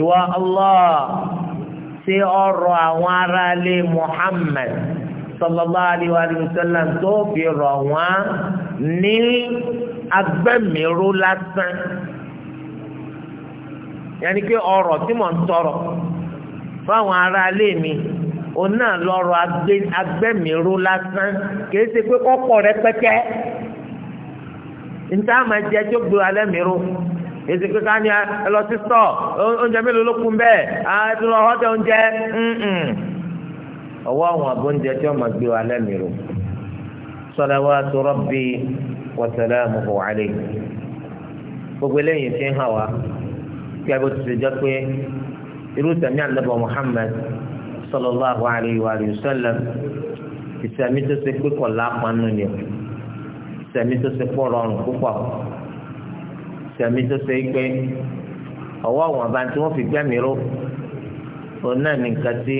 ìwà allah ṣe ọrọ̀ àwọn aráalé muhammad sallallahu alayhi wa sallam tó fi rọ̀ wọ́n ní agbẹ́mìíró lásán yẹni pé ọrọ̀ tí mò ń tọrọ fáwọn ará ilé mi òun náà lọ́rọ̀ agbẹ́mìíró lásán kìí ṣe pé kọ́kọ́ rẹ pẹ́kẹ́ níta máa jẹ tó gbé alẹ́ mìíró kìí ṣe pé ká ní ẹ lọ sí stọ̀ oúnjẹ mélòó ló kún bẹ́ẹ̀ ẹ tún lọ họ́tẹ̀ oúnjẹ ọwọ́ àwọn abóúnjẹ tí wọ́n máa gbé wa lẹ́mìíràn salawatu rabbi wa salamuhu alayhi gbogbo eléyìí fi hàn wá gẹ́gẹ́ bó ti ṣe jẹ́ pé irú sẹ̀mí àlẹ́bọ̀ Muhammad sallallahu alayhi wa sallam ìsẹ̀mí tó ṣe pé kọ̀ lápánu ni o ìsẹ̀mí tó ṣe pọ̀ rọrùn púpọ̀ ìsẹ̀mí tó ṣe pé ọwọ́ àwọn àbá tí wọ́n fi gbẹ́mìí ró òun náà nìkan tí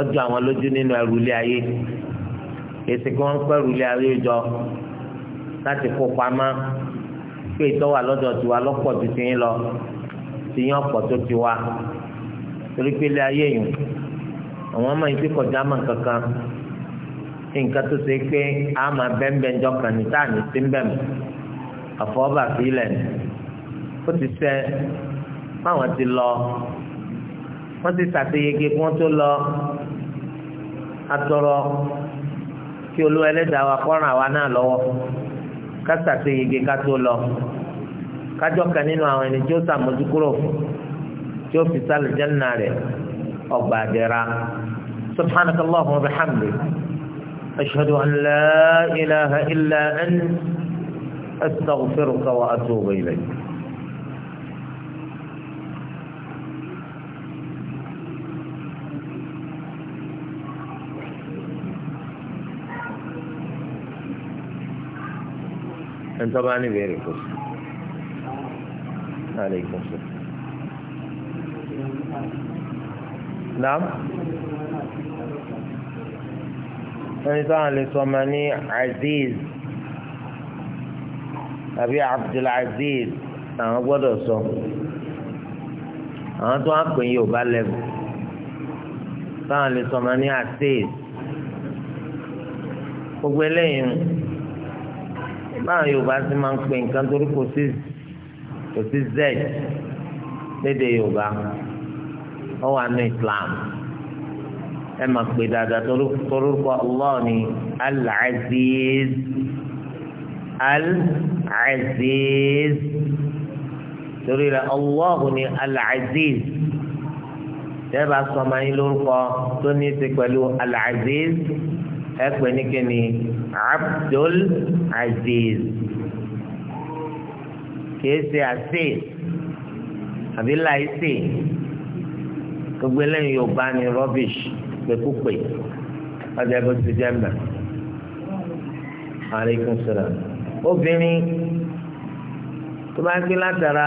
ọjọ́ àwọn lójú nínú ẹrù ilé ayé èsì kí wọ́n ń pẹ́rù ilé ayé jọ láti kó pamọ́ pé ìtọ́wà lọ́dọ̀ tiwa lọ́pọ̀ ju tiyín lọ tiyín ọ̀pọ̀ tó tiwa torí pé ilé ayé yìí àwọn ọmọ yìí ti kọjá mọ̀ kankan nǹkan tó ṣe pé a máa bẹ́ńbẹ́ jọ kàn ní táà ní sí bẹ́ẹ̀ àfọwọ́bà sílẹ̀ ó ti sẹ́ báwọn ti lọ wọ́n ti ṣàtẹ̀yẹgẹ kí wọ́n tó lọ atọrọ kí olú ẹlẹ́dàá wa kọ́ràn àwa náà lọ́wọ́ kásàsé yege ká tó lọ kájọ kan nínú àwọn ẹni tí ó sàmójúkúrò tí ó fi sálẹ jẹnna rẹ ọgbà àdẹrà subhanaka allahumma wa bihamdik ashhadu an la ilaha illa anta astaghfiruka wa atubu ilayk. ẹni tó bá ní ìbéèrè kò sí. Alaikum salaam. Naam. Ẹni táwọn lè sọ ma ní Aziz àbí Abdulaziz àwọn gbọ́dọ̀ sọ. Àwọn tó wá pè yóò bá lẹ́bù. Táwọn lè sọ ma ní Aziz. Gbogbo eléyìí báwọn yorùbá sì máa ń pè nǹkan torí kò sí kò sí z léde yorùbá ó wà ní islam ẹ máa pè dáadáa torúkọ allah ni al-aziz al-aziz torí rẹ allah ni al-aziz tẹ́ẹ̀bà sọmọ yín lórúkọ tó ní í ṣe pẹ̀lú al ẹ pè ní kíni. Abdul Aziz kìí ṣe àṣe àbí láìsè gbogbo eléyìí Yorùbá ni rubbish pẹkúpẹ ọjà bó ti jẹ mbà aleykum salaam obìnrin tó bá gbé látara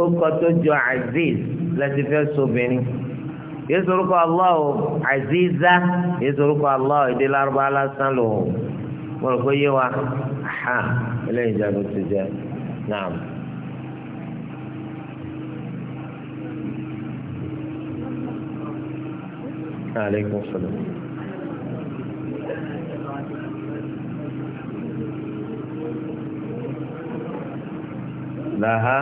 ó kọ tó jọ Aziz láti fẹ́ sobìnrin. So yéésù orúkọ Allah o Aziza yéésù orúkọ Allah o èdè lárúbá lásán lò ó mo rò pé yé wa ha eléyìí jẹ́ ti jẹ́ náà. السلام لها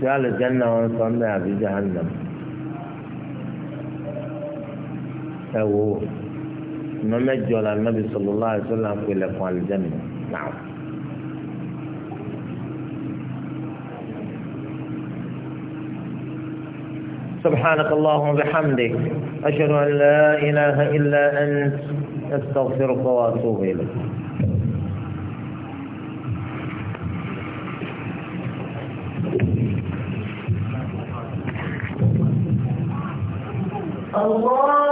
سأل الجنة وأنا صنع في جهنم أو نمج على النبي صلى الله عليه وسلم في لقاء الجنة نعم سبحانك اللهم وبحمدك أشهد أن لا إله إلا أنت أستغفرك وأتوب إليك الله